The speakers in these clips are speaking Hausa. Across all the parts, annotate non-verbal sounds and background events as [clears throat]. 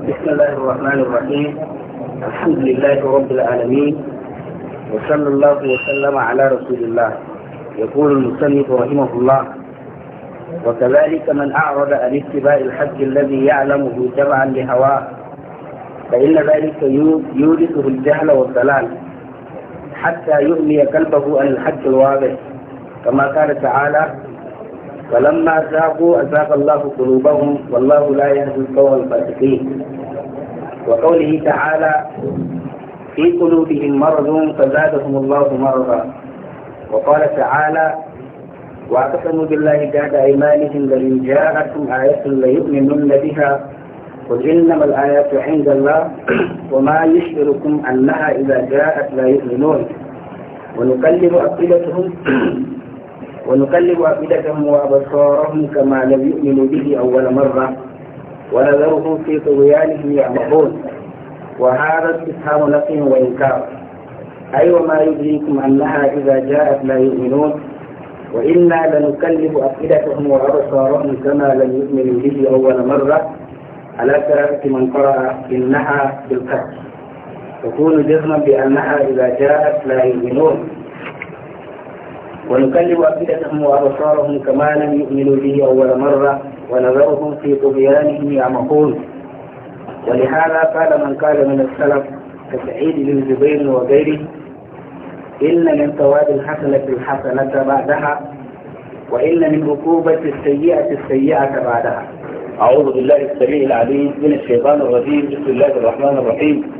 بسم الله الرحمن الرحيم الحمد لله رب العالمين وصلى الله وسلم على رسول الله يقول المصنف رحمه الله وكذلك من أعرض عن اتباع الحج الذي يعلمه تبعا لهواه فإن ذلك يورثه الجهل والضلال حتى يغني قلبه عن الحج الواضح كما قال تعالى فلما ذاقوا أذاق الله قلوبهم والله لا يهدي القوم الفاسقين وقوله تعالى في قلوبهم مرض فزادهم الله مرضا وقال تعالى واعتصموا بالله جهد ايمانهم لئن جاءتهم آية ليؤمنن بها قل إنما الآيات عند الله [clears throat] وما يشعركم أنها إذا جاءت لا يؤمنون ونقلب أفئدتهم [clears throat] ونقلب أفئدتهم وأبصارهم كما لم يؤمنوا به أول مرة ونذرهم في طغيانهم يعمهون وهذا استفهام نقي وإنكار أي أيوة وما يدريكم أنها إذا جاءت لا يؤمنون وإنا لنكلف أفئدتهم وأبصارهم كما لم يؤمنوا به أول مرة على قراءة من قرأ إنها بالكسر تكون جزما بأنها إذا جاءت لا يؤمنون ونكلم أفئدتهم وأبصارهم كما لم يؤمنوا به أول مرة ونذرهم في طغيانهم يعمقون ولهذا قال من قال من السلف كسعيد بن جبير وغيره إن من ثواب الحسنة الحسنة بعدها وإن من عقوبة السيئة السيئة بعدها أعوذ بالله السميع العليم من الشيطان الرجيم بسم الله الرحمن الرحيم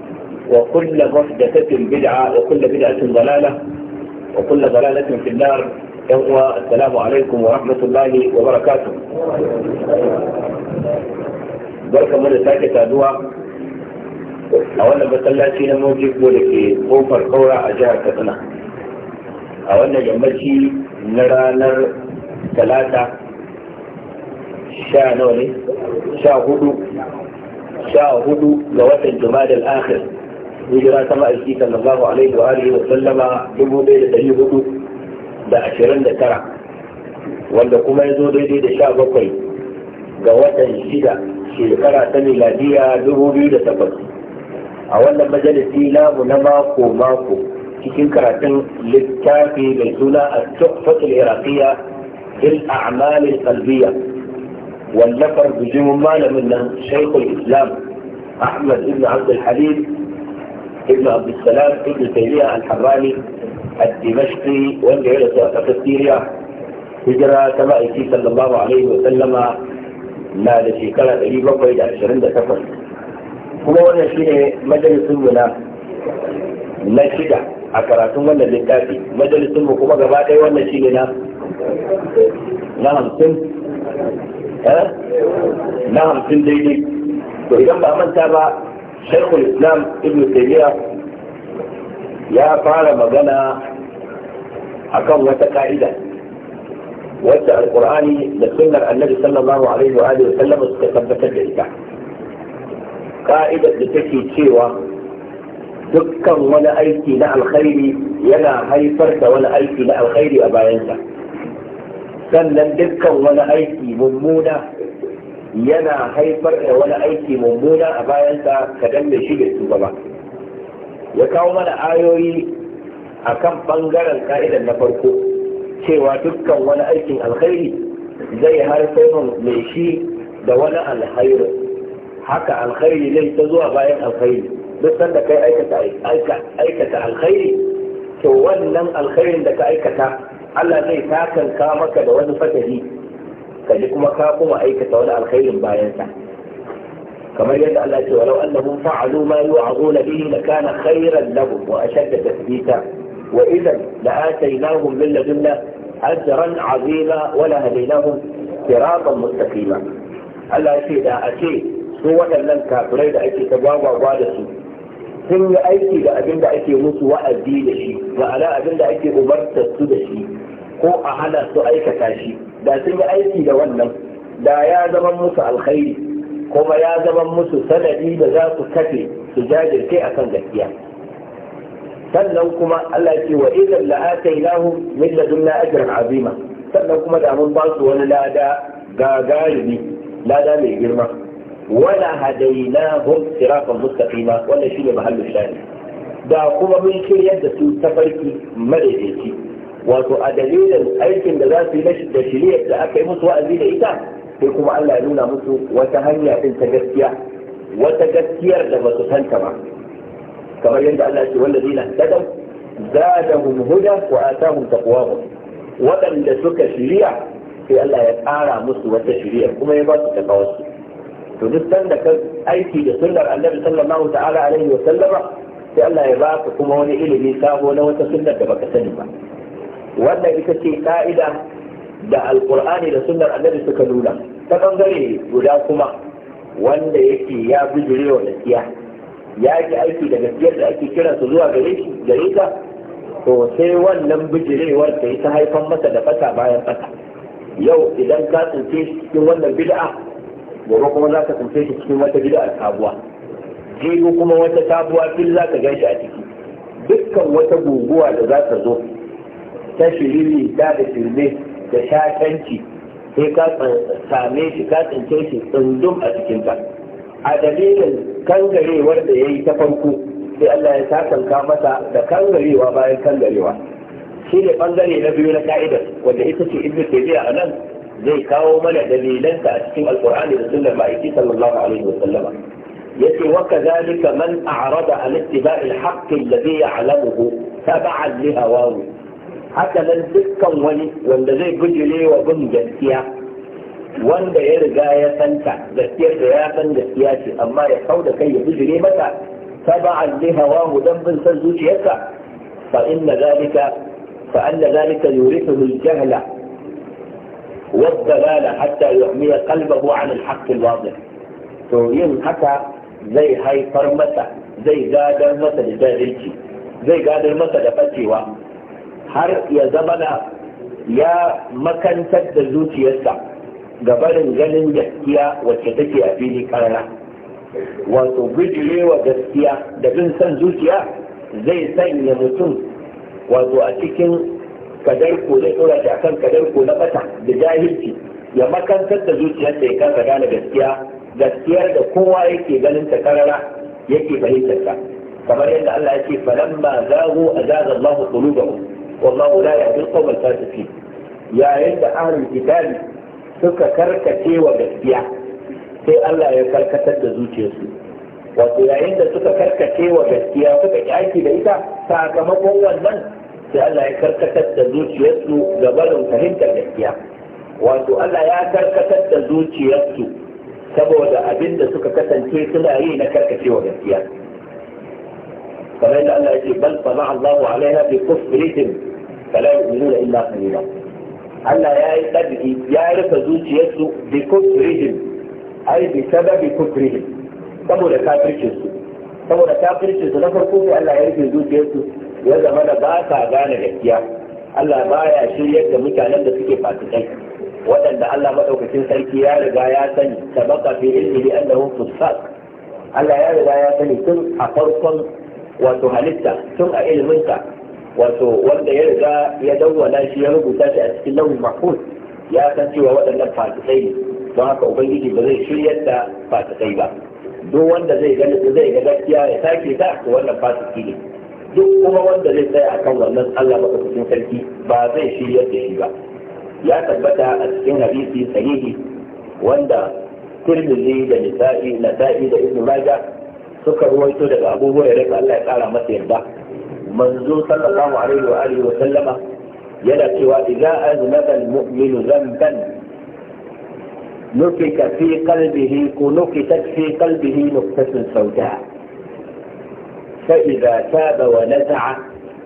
وكل محدثة بدعة وكل بدعة ضلالة وكل ضلالة في النار إخوة السلام عليكم ورحمة الله وبركاته barka mana sake saduwa a wannan masallaci na mojibo da ke kofar kaura a jihar katsina a wannan yammaci na ranar talata sha nawa hudu sha hudu ga watan jumadal akhir hijira ta ma'aiki sallallahu alaihi wa alihi wa sallama dubu ɗaya da ɗari hudu da ashirin da tara wanda kuma ya zo daidai da sha bakwai ga watan shida shekara ta miladiya dubu biyu da takwas a wannan majalisi namu na mako mako cikin karatun littafi mai suna a tuhfatul iraqiyya fil a'mal al-qalbiyya wallafar bijimin malamin nan shaykhul islam ahmad ibn abd al-halim ابن عبد السلام ابن تيمية الحراني الدمشقي وانجا إلى سورة سيريا هجرة كما يكي صلى الله عليه وسلم لا لشي كان قريبا قيد عشرين دكفر كما وانا شيء مجلس منا na shida a karatun wannan littafi majalisun mu kuma gaba ɗaya wannan shi ne na na hamsin na hamsin daidai to idan ba manta ba shaikhul islam ibn taymiya ya fara magana akan wata ka'ida wacce alkur'ani da sunnar annabi sallallahu alaihi wa alihi wasallam suka tabbatar da ita ka'ida da take cewa dukkan wani aiki na alkhairi yana haifar da wani aiki na alkhairi a bayansa sannan dukkan wani aiki mummuna yana haifar da wani aiki mummuna a bayansa ka danne shi bai tuba ba ya kawo mana ayoyi a kan ɓangaren ka'idan na farko cewa dukkan wani aikin alkhairi zai haifar mai shi da wani alkhairi haka alkhairi zai ta zuwa bayan alkhairi duk sanda kai aikata alkhairi to wannan alkhairin da ka aikata Allah zai takanka maka da wani fatahi ka kuma ka kuma aikata wani alkhairin bayansa kamar yadda Allah ce walau annahum fa'alu ma yu'azuna bihi lakana khairan lahum wa ashadda tathbita wa idan la'ataynahum min ladunna ajran 'azima wa la hadaynahum siratan mustaqima Allah ce da a ce su waɗannan kafirai da ake ta gwagwagwa da su sun yi aiki da abin da ake musu wa'azi da shi ma'ana abin da ake umartar su da shi ko a hana su aikata shi da sun yi aiki da wannan da ya zama musu alkhairi kuma ya zama musu sanadi da za su kafe su jajirce kan gaskiya sannan kuma Allah ce wa idan la'atainahum min ladunna ajran azima sannan kuma da mun ba su wani lada gagarumi lada mai girma wala hadainahum siratan mustaqima wannan shine mahallin shani da kuma mun kiryar da su tafarki madaidaici wato a dalilin aikin da za su yi da shiriyar da aka yi musu wa'azi da ita sai kuma Allah ya nuna musu wata hanya din ta gaskiya wata gaskiyar da ba su santa ba kamar yadda Allah ce wanda zina tadau zadahum huda wa atahum taqwahum waɗanda suka shiriya sai Allah ya ƙara musu wata shiriya kuma ya ba su su. to duk sanda ka aiki da sunnar Annabi sallallahu ta'ala alaihi wa sallama sai Allah ya baka kuma wani ilimi sabo na wata sunnar da baka sani ba wannan ita ce ka'ida da alkur'ani da sunnar annabi suka nuna ta bangare guda kuma wanda yake ya bijire wa gaskiya ya ji aiki da gaskiyar da ake kira su zuwa gare shi gare ka to sai wannan bijirewar ta yi ta haifan masa da fata bayan fata yau idan ka tsince shi cikin wannan bid'a gobe kuma za ka tsince shi cikin wata bid'a sabuwa jego kuma wata sabuwa fil za ka gan shi a ciki dukkan wata guguwa da za ta zo ta shiriri da da shirme da shatanci sai ka same shi ka tsince shi tsundum a cikinta a dalilin kangarewar da ya yi ta farko sai Allah ya sakanka masa da kangarewa bayan kangarewa shi ne bangare na biyu na ka'idar wanda ita ce ibnu taymiya a nan zai kawo mana dalilanta a cikin alqur'ani da sunnar ma'aiki sallallahu alaihi wa sallama yace wa kadhalika man a'rada an ittiba'i al-haqq alladhi ya'lamuhu tab'an li hawahu haka nan dukkan wani wanda zai bujile wa bin gaskiya wanda ya riga ya santa gaskiyar da ya san gaskiya ce amma ya kau da kai ya bujile mata ta ba tabi'an li hawahu dan bin san zuciyarsa fa inna zalika fa anna zalika yurithu al-jahla wa ad-dalala hatta yuhmiya qalbahu 'an al-haqq al-wadih to yin haka zai haifar masa zai gadar masa da jahilci zai gadar masa da fatewa har ya zamana ya makantar da zuciyarsa ga barin ganin gaskiya wacce take a fili karara wato gujirewa gaskiya da bin son zuciya zai sanya mutum wato a cikin kadarko zai ɗora shi akan kadarko na bata da jahilci ya makantar da zuciyarsa ya kasa gane gaskiya gaskiyar da kowa yake ganin ta karara yake fahimtar ta kamar yadda Allah ya ce falamma zagu azaza Allahu qulubahum wallahu la yahdi al-qawm al-fasiqin yayin da ahlul suka karkace wa gaskiya sai Allah ya karkatar da zuciyarsu wato yayin da suka karkace wa gaskiya suka ki da ita sakamakon wannan sai Allah ya karkatar da zuciyarsu ga barin fahimtar gaskiya wato Allah ya karkatar da zuciyarsu saboda abin da suka kasance suna yi na karkace wa gaskiya kamar yadda Allah yake bal sama Allahu alaiha bi kufrihim fala yu'minuna illa qalila Allah ya yi tabi'i ya rufe zuciyarsu bi kufrihim ai bi sababi kufrihim saboda kafircin su saboda kafircin su na farko sai Allah ya rufe zuciyarsu ya zama da ba sa gane gaskiya Allah baya shiryar da mutanen da suke fasikai waɗanda Allah maɗaukacin sarki ya riga ya sani sabaka fi ilmi bi annahum fusaq Allah ya riga ya sani tun a farkon wato halitta tun a iliminka wato wanda ya riga ya dawwala shi ya rubuta shi a cikin lauyin mahfuz ya san cewa waɗannan fatisai ne don haka ubangiji ba zai shiryar da fatisai ba duk wanda zai ga zai ga gaskiya ya sake ta to wannan fasiki ne duk kuma wanda zai tsaya akan wannan Allah madaukakin sarki ba zai shiryar da shi ba ya tabbata a cikin hadisi sahihi wanda Tirmidhi da Nisa'i Nasa'i da Ibn Majah suka ruwaito daga Abu Hurairah Allah ya kara masa yarda manzo sallallahu alaihi wa alihi wa sallama yana cewa idza aznaba almu'minu dhanban nukita fi qalbihi ko nufitat fi qalbihi nuqtatun sawda fa idza taba wa naza'a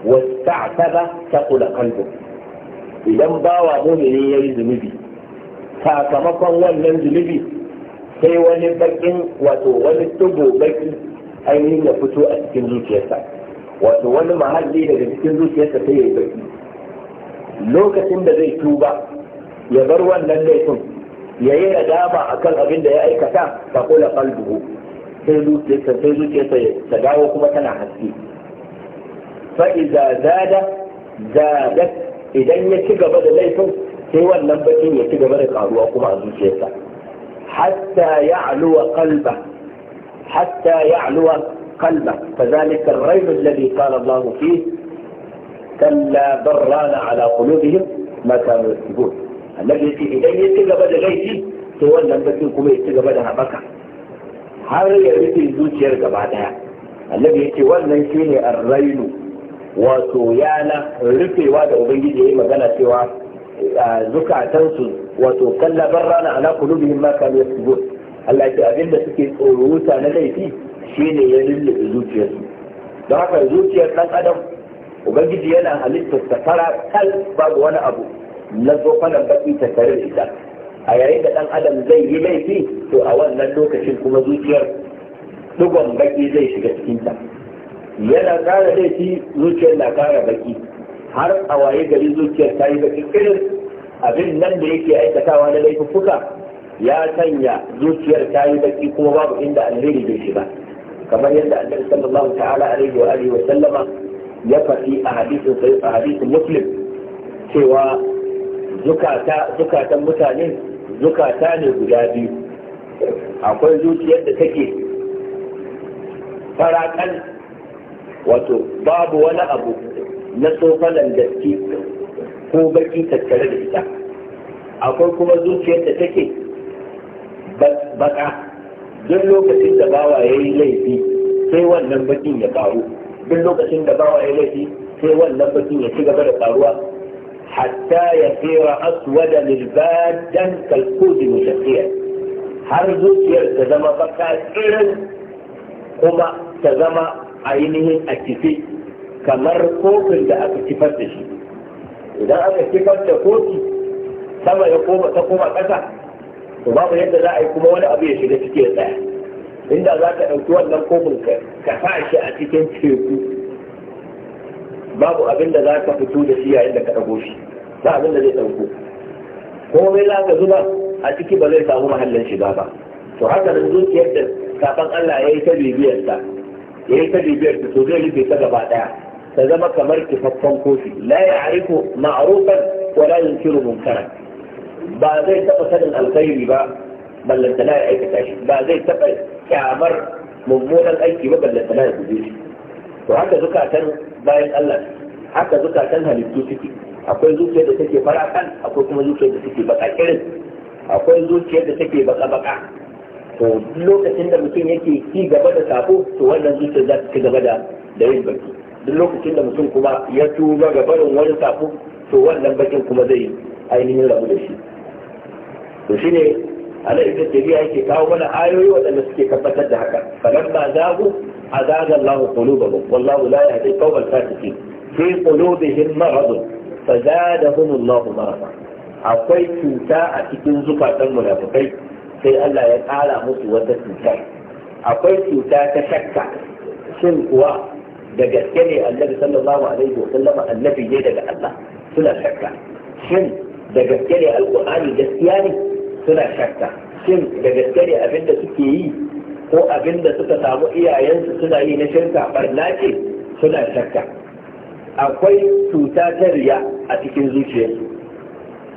wasta'taba taqul qalbu idan bawa mu'mini yayi zunubi sakamakon wannan zunubi sai wani bakin wato wani tubo baki ainihin ya fito a cikin zuciyarsa wato wani mahalli daga cikin zuciyarsa sai ya yi baki lokacin da zai tuba ya bar wannan laifin ya yi a kan abin da ya aikata fa kula qalbuhu sai zuciyarsa sai zuciyarsa ta dawo kuma tana haske fa idza zada idan ya ci gaba da laifin sai wannan bakin ya ci gaba da karuwa kuma a zuciyarsa حتى يعلو قلبه حتى يعلو قلبه فذلك الريب الذي قال الله فيه كلا بران على قلوبهم ما كانوا يكتبون الذي في إليه تلك بدا غيتي تولى أن تكون كميه تلك بدا هبكا هذا يريد يزوج يرجع بعدها الذي يتولى أن يكون الرين وتويانا رفي وادا أبنجي جيما قال سوى آه، زكاة تنسو wato kalla rana ala qulubihim ma kanu yaktubun Allah ya abin da suke tsoro na laifi shine ya lullube zuciyarsu don haka zuciyar ɗan adam ubangiji yana halittar ta fara kal babu wani abu na zofanan baki ta tare da ita a yayin da ɗan adam zai yi laifi to a wannan lokacin kuma zuciyar dugon baki zai shiga cikinta yana kara laifi zuciyar na kara baki har a waye gari zuciyar ta yi baki irin abin nan da yake aikatawa na laifuka ya sanya zuciyar ta yi baki kuma babu inda alheri bai shiga kamar yadda annabi sallallahu ta'ala alaihi wa alihi wa sallama ya faɗi a hadisin sai a hadisin muslim cewa zukata zukatan mutane zukata ne guda biyu akwai zuciyar da take farakan wato babu wani abu na tsofalan gaske ko baki tattare da ita akwai kuma zuciyar da take baka duk lokacin da bawa ya yi laifi sai wannan bakin ya karu duk lokacin da bawa ya yi laifi sai wannan bakin ya ci gaba da karuwa hatta ya fera aswada lilbadan kalkudi mushakkiya har zuciyar ta zama baka irin kuma ta zama ainihin a kife kamar kofin da aka kifar da shi idan aka kifar da kofi sama ya koma ta koma ƙasa to babu yadda za a yi kuma wani abu ya shiga ciki ya tsaya inda za ka ɗauki wannan kofin ka ka sa shi a cikin teku babu abin da za ka fito da shi yayin da ka ɗago shi ba abin da zai ɗauko Ko komai za ka zuba a ciki ba zai samu mahallin shiga ba to haka nan zuciyar da kafin Allah ya yi ta bibiyarsa ya yi ta bibiyarsa to zai rufe ta gaba ɗaya ta zama kamar كوفي kofi يعرف معروفا ولا ينكر منكرا بعد ذلك ba zai taba sanin بل ba لا la ya aikata shi ba zai taba kyamar mummunan aiki ba ballanta la ya ذكا shi to haka zukatan bayan Allah haka halittu akwai zuciyar da take farakan akwai kuma zuciyar da take baka kirin akwai zuciyar da take baka baka to lokacin da mutum yake ci gaba da sabo to wannan zuciya za ta ci gaba da da yin baki duk lokacin da mutum kuma ya tuba ga barin wani sako to wannan bakin kuma zai yi ainihin rabu da shi to shine da ita tabiya yake kawo mana ayoyi waɗanda suke tabbatar da haka falan ba zagu azaga Allah qulubahum wallahu la yahdi al-qawm al-fasiqin fi qulubihim marad hunun Allah marada akwai cuta a cikin zukatan munafikai sai Allah ya ƙara musu wata cuta akwai cuta ta shakka shin kuwa da gaske ne annabi sallallahu alaihi wa sallama annabi ne daga Allah suna shakka shin da gaske ne alqur'ani gaskiya ne suna shakka shin da gaske ne abinda suke yi ko abinda suka samu iyayensu suna yi na shirka barna ce suna shakka akwai cuta ta riya a cikin zuciyarsu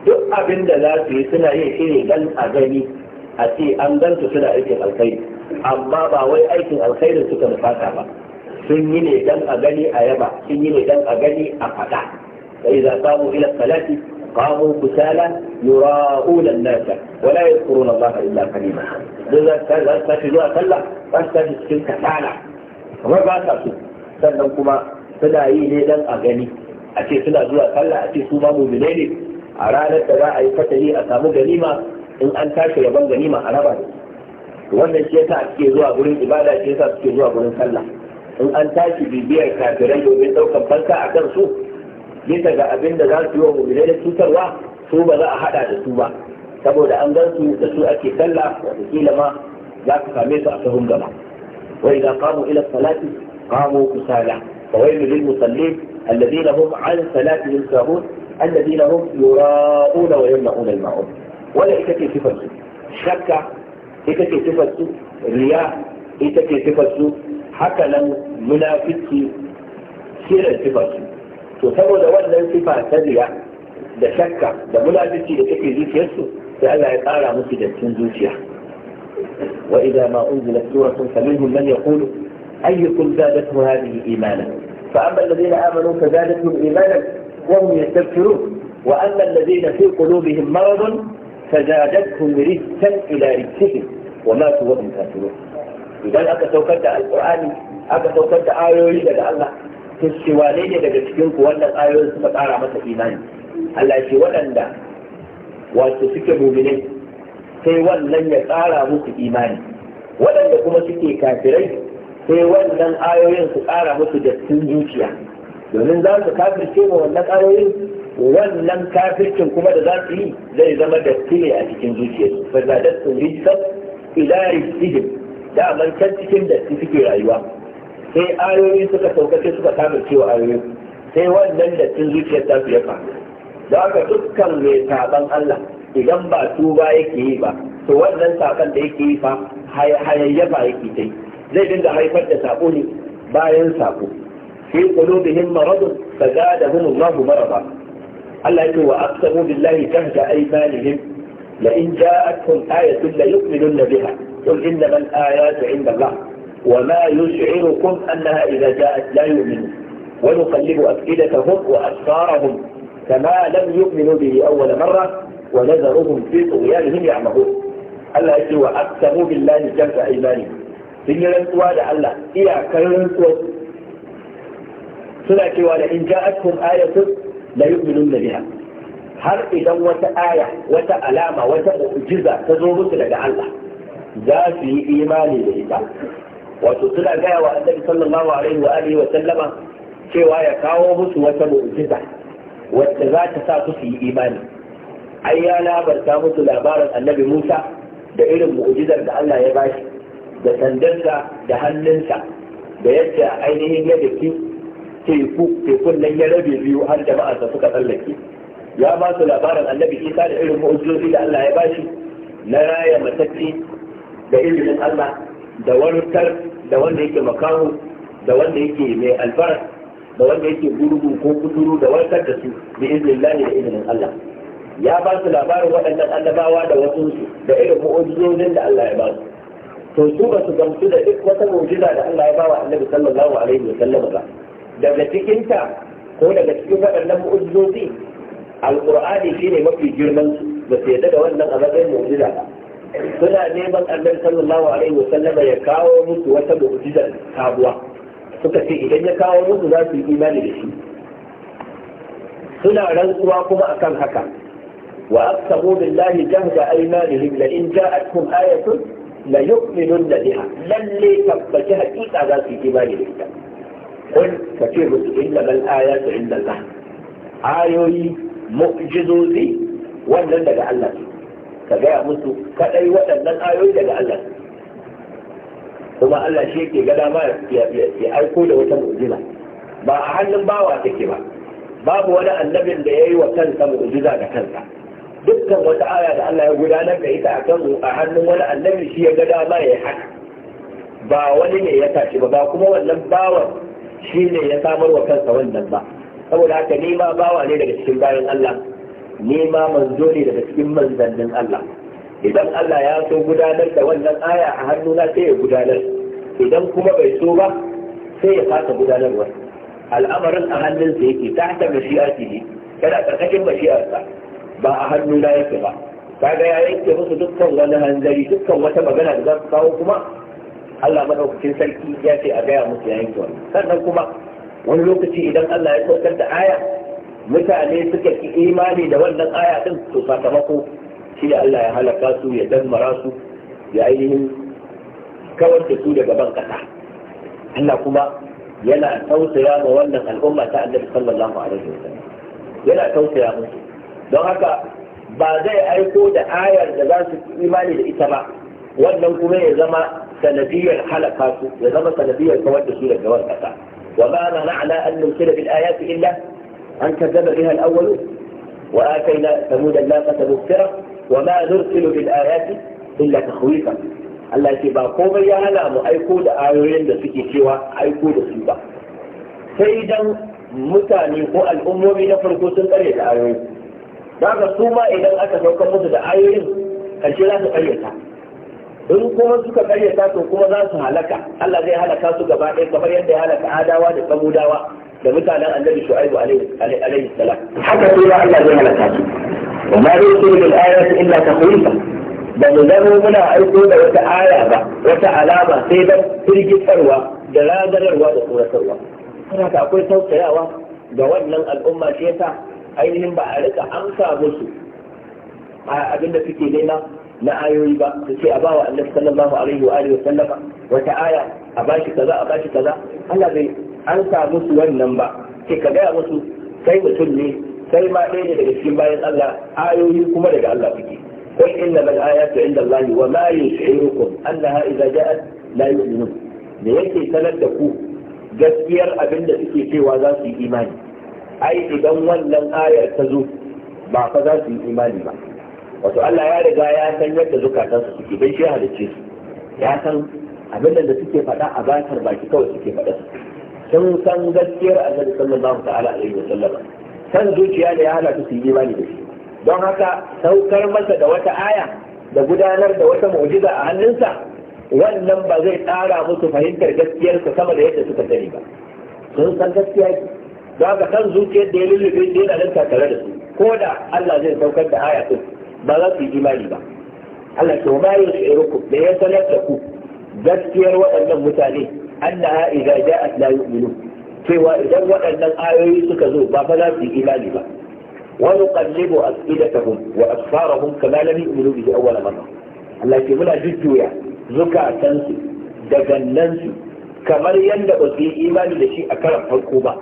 duk abin da za su yi suna yi shi ne dan a gani a ce an gan su suna aikin alkhairi amma ba wai aikin alkhairin suka nufata ba sun yi ne dan a gani a yaba sun yi ne dan a gani a faɗa fa idza qamu ila salati qamu kusala yura'una an-nasa wa la yadhkuruna Allah illa qalila dan za ta ci zuwa sallah ba ta cikin kasala kamar ba ta su sannan kuma suna yi ne dan a gani a ce suna zuwa sallah a ce su ma mu'mine ne a ranar da za a yi fatali a samu ganima in an tashi rabon ganima a raba wannan shi yasa suke zuwa gurin ibada shi yasa suke zuwa gurin sallah in an tashi bibiyar kafirai domin ɗaukar fanka a kan su bisa ga abin da za su yi wa mu'minai da cutarwa su ba za a haɗa da su ba saboda an gan su da su ake sallah wata kila ma za ka same su a sahun gaba wa idza qamu ila salati qamu kusala fa wai lil musallin alladhina hum an salatihim sahun alladhina hum yura'una wa yamna'una al-ma'un wala ita ke sifar su shakka ita ke sifar su riya ita ke sifar su haka nan munafici shirin sifarsu to saboda wannan sifa ta riya da shakka da munafiki da take zuciyarsu sai Allah ya tsara musu da cin zuciya wa idza ma unzila suratun faminhum man yaqulu ayyukum zadatu hadhihi imana fa amma alladhina amanu fazadatuhum imana wa hum yastaghfirun wa amma alladhina fi qulubihim maradun فزادتهم رجسا الى رجسهم وماتوا وهم كافرون idan aka saukar da alkur'ani aka saukar da ayoyi daga Allah to shi wane ne daga cikin ku wannan ayoyin suka ƙara masa imani Allah shi waɗanda wato suke mu'minai sai wannan ya ƙara musu imani waɗanda kuma suke kafirai sai wannan ayoyin su ƙara musu dattin zuciya domin za su kafirce wa wannan ayoyin wannan kafircin kuma da za su yi zai zama datti ne a cikin zuciyarsu fa zadatun rijsan ila rijsihim da aman can cikin da suke rayuwa sai ayoyi suka sauƙaƙe suka kama cewa ayoyi sai wannan da cin zuciyar ta su ya da haka dukkan mai saban Allah idan ba tuba yake yi ba to wannan saban da yake yi fa hayayyafa yake ta yi zai dinga haifar da sako ne bayan sako fi qulubihim maradun fazadahum Allahu maraba. Allah ce wa aqsamu billahi jahda aymanihim la in ja'atkum ayatun la yu'minunna biha قل إنما الآيات عند الله وما يشعركم أنها إذا جاءت لا يؤمنون ونقلب أفئدتهم وأسفارهم كما لم يؤمنوا به أول مرة ونذرهم في طغيانهم يعمهون ألا يجروا اقسموا بالله جمع إيمانهم إن لم توالع الله إياك لن توالع سلاك وعلى إن جاءتكم آية لا يؤمنون بها هل إذا وتآية وتألامة وتأجزة تزوروا سلاك الله za su yi imani da ita wato suna gaya wa annabi sallallahu alaihi wa alihi wa sallama cewa ya kawo musu wata mu'jiza wacce za ta sa su yi imani ai ya labarta musu labarin annabi Musa da irin mu'jizar da Allah ya bashi da sandarsa da hannunsa da yadda ainihin ya daki teku tekun nan ya rabe biyu har jama'arsa suka tsallake ya ba su labarin annabi Isa da irin mu'jizozi da Allah ya bashi na raya matacce da izinin Allah da warkar da wanda yake makaho da wanda yake mai albarar da wanda yake gurgu ko kuturu da warkar da su bi izinin Allah da izinin Allah ya ba su labarin waɗannan annabawa da wasu da irin mu'ujizojin da Allah ya ba su to su ba su gamsu da duk wata mu'ujiza da Allah ya ba wa Annabi sallallahu alaihi wa sallam ba daga cikin ta ko daga cikin waɗannan mu'ujizoji alqur'ani shine mafi girman su ba su yadda da wannan a matsayin mu'ujiza ba suna neman annabi sallallahu alaihi wa sallama ya kawo musu wata mu'jiza sabuwa suka ce idan ya kawo musu za su yi imani da shi suna rantsuwa kuma akan haka wa aqsamu billahi jahda aymanihim la in ja'atkum ayatun la yu'minun biha lalle tabbaci hakika za su yi imani da ita kun ka ce musu inna bal ayatu inda Allah ayoyi mu'jizozi wannan daga Allah ne ka gaya musu kadai waɗannan ayoyi daga Allah kuma Allah shi yake ga dama ya aiko da wata mu'jiza ba a hannun bawa take ba babu wani annabin da yayi wa kansa mu'jiza da kansa dukkan wata aya da Allah ya gudanar da ita akan kan a hannun wani annabi shi ya ga dama ya haka ba wani ne ya tashi ba ba kuma wannan bawan shi ne ya samar wa kansa wannan ba saboda haka ni ma bawa ne daga cikin bayan Allah ni ma manzo ne daga cikin manzannin Allah idan Allah ya so gudanar da wannan aya a hannuna sai ya gudanar idan kuma bai so ba sai ya fasa gudanarwa al'amarin a hannunsa yake ta hata mashiyati ne kada karkashin mashiyarsa ba a hannuna yake ba kaga ya yanke musu dukkan wani hanzari dukkan wata magana da za su kawo kuma Allah madaukakin sarki ya ce a gaya musu ya yanke wani sannan kuma wani lokaci idan Allah ya saukar da aya mutane suka ki imani da wannan aya din to sakamako shi da Allah ya halaka su ya dammara su ya ainihin kawar da su daga ban kasa Allah kuma yana tausaya ma wannan al'umma ta Annabi sallallahu alaihi wasallam yana tausaya musu don haka ba zai aiko da ayar da za su imani da ita ba wannan kuma ya zama sanadiyar halaka su ya zama sanadiyar kawar da su daga ban kasa وما منعنا أن نرسل بالآيات إلا أن كذب بها الأولون وآتينا ثمود الناقة مبصرة وما نرسل بالآيات إلا تخويفا Allah ke ba komai ya hana mu aiko da ayoyin da suke cewa aiko da su ba sai dan mutane ko al'ummomi na farko sun tsare da ayoyi. daga su ma idan aka sauka musu da ayoyin karshe za su karyata in kuma suka karyata to kuma za su halaka Allah zai halaka su gaba ɗaya kamar yadda ya halaka adawa da samudawa لابد على النبي شعيب عليه عليه السلام حتى تقول الا زملك وما يرسل بالايه الا تخويفا بل له منا عقوبه وتعالابه وتعالابه سيدا ترجي الثروه دلادر الرواد وقول الثروه هنا تقول سوف يا واد الامه شيسا اي من بعدك امسى بوسو abin da suke nema na ayoyi ba su ce a bawa annabi sallallahu alaihi wa alihi wa sallama an sa musu wannan ba sai ka gaya musu sai mutum ne sai ma ɗaya ne daga cikin bayan Allah ayoyi kuma daga Allah suke قل إنما الآيات عند الله وما يشعركم la إذا da yake sanar da ku gaskiyar abin da suke cewa za su yi imani ai idan wannan ayar ta zo ba fa za su yi imani ba wato Allah ya riga ya san yadda su suke bai shi halicce su ya san abin da suke faɗa a bakar baki kawai suke faɗa su sun san gaskiyar annabi sallallahu ta'ala alaihi wa sallam san zuciya da ya hana su yi imani da shi don haka saukar masa da wata aya da gudanar da wata mu'jiza a hannunsa wannan ba zai tsara musu fahimtar gaskiyar su sama da yadda suka sani ba sun san gaskiya ce don haka san zuciyar da ya lullube da yana nan tattare da su ko da Allah zai saukar da aya sun, ba za su yi imani ba Allah to ma yushirukum da ya sanar da ku gaskiyar waɗannan mutane أنها إذا جاءت لا يؤمنون cewa idan waɗannan ayoyi suka zo ba fa za su yi imani ba wa nuqallibu afidatahum wa asfarahum kama lam yu'minu bihi awwal marra Allah ke muna zukatansu da gannansu kamar yadda ba su yi imani da shi a karan farko ba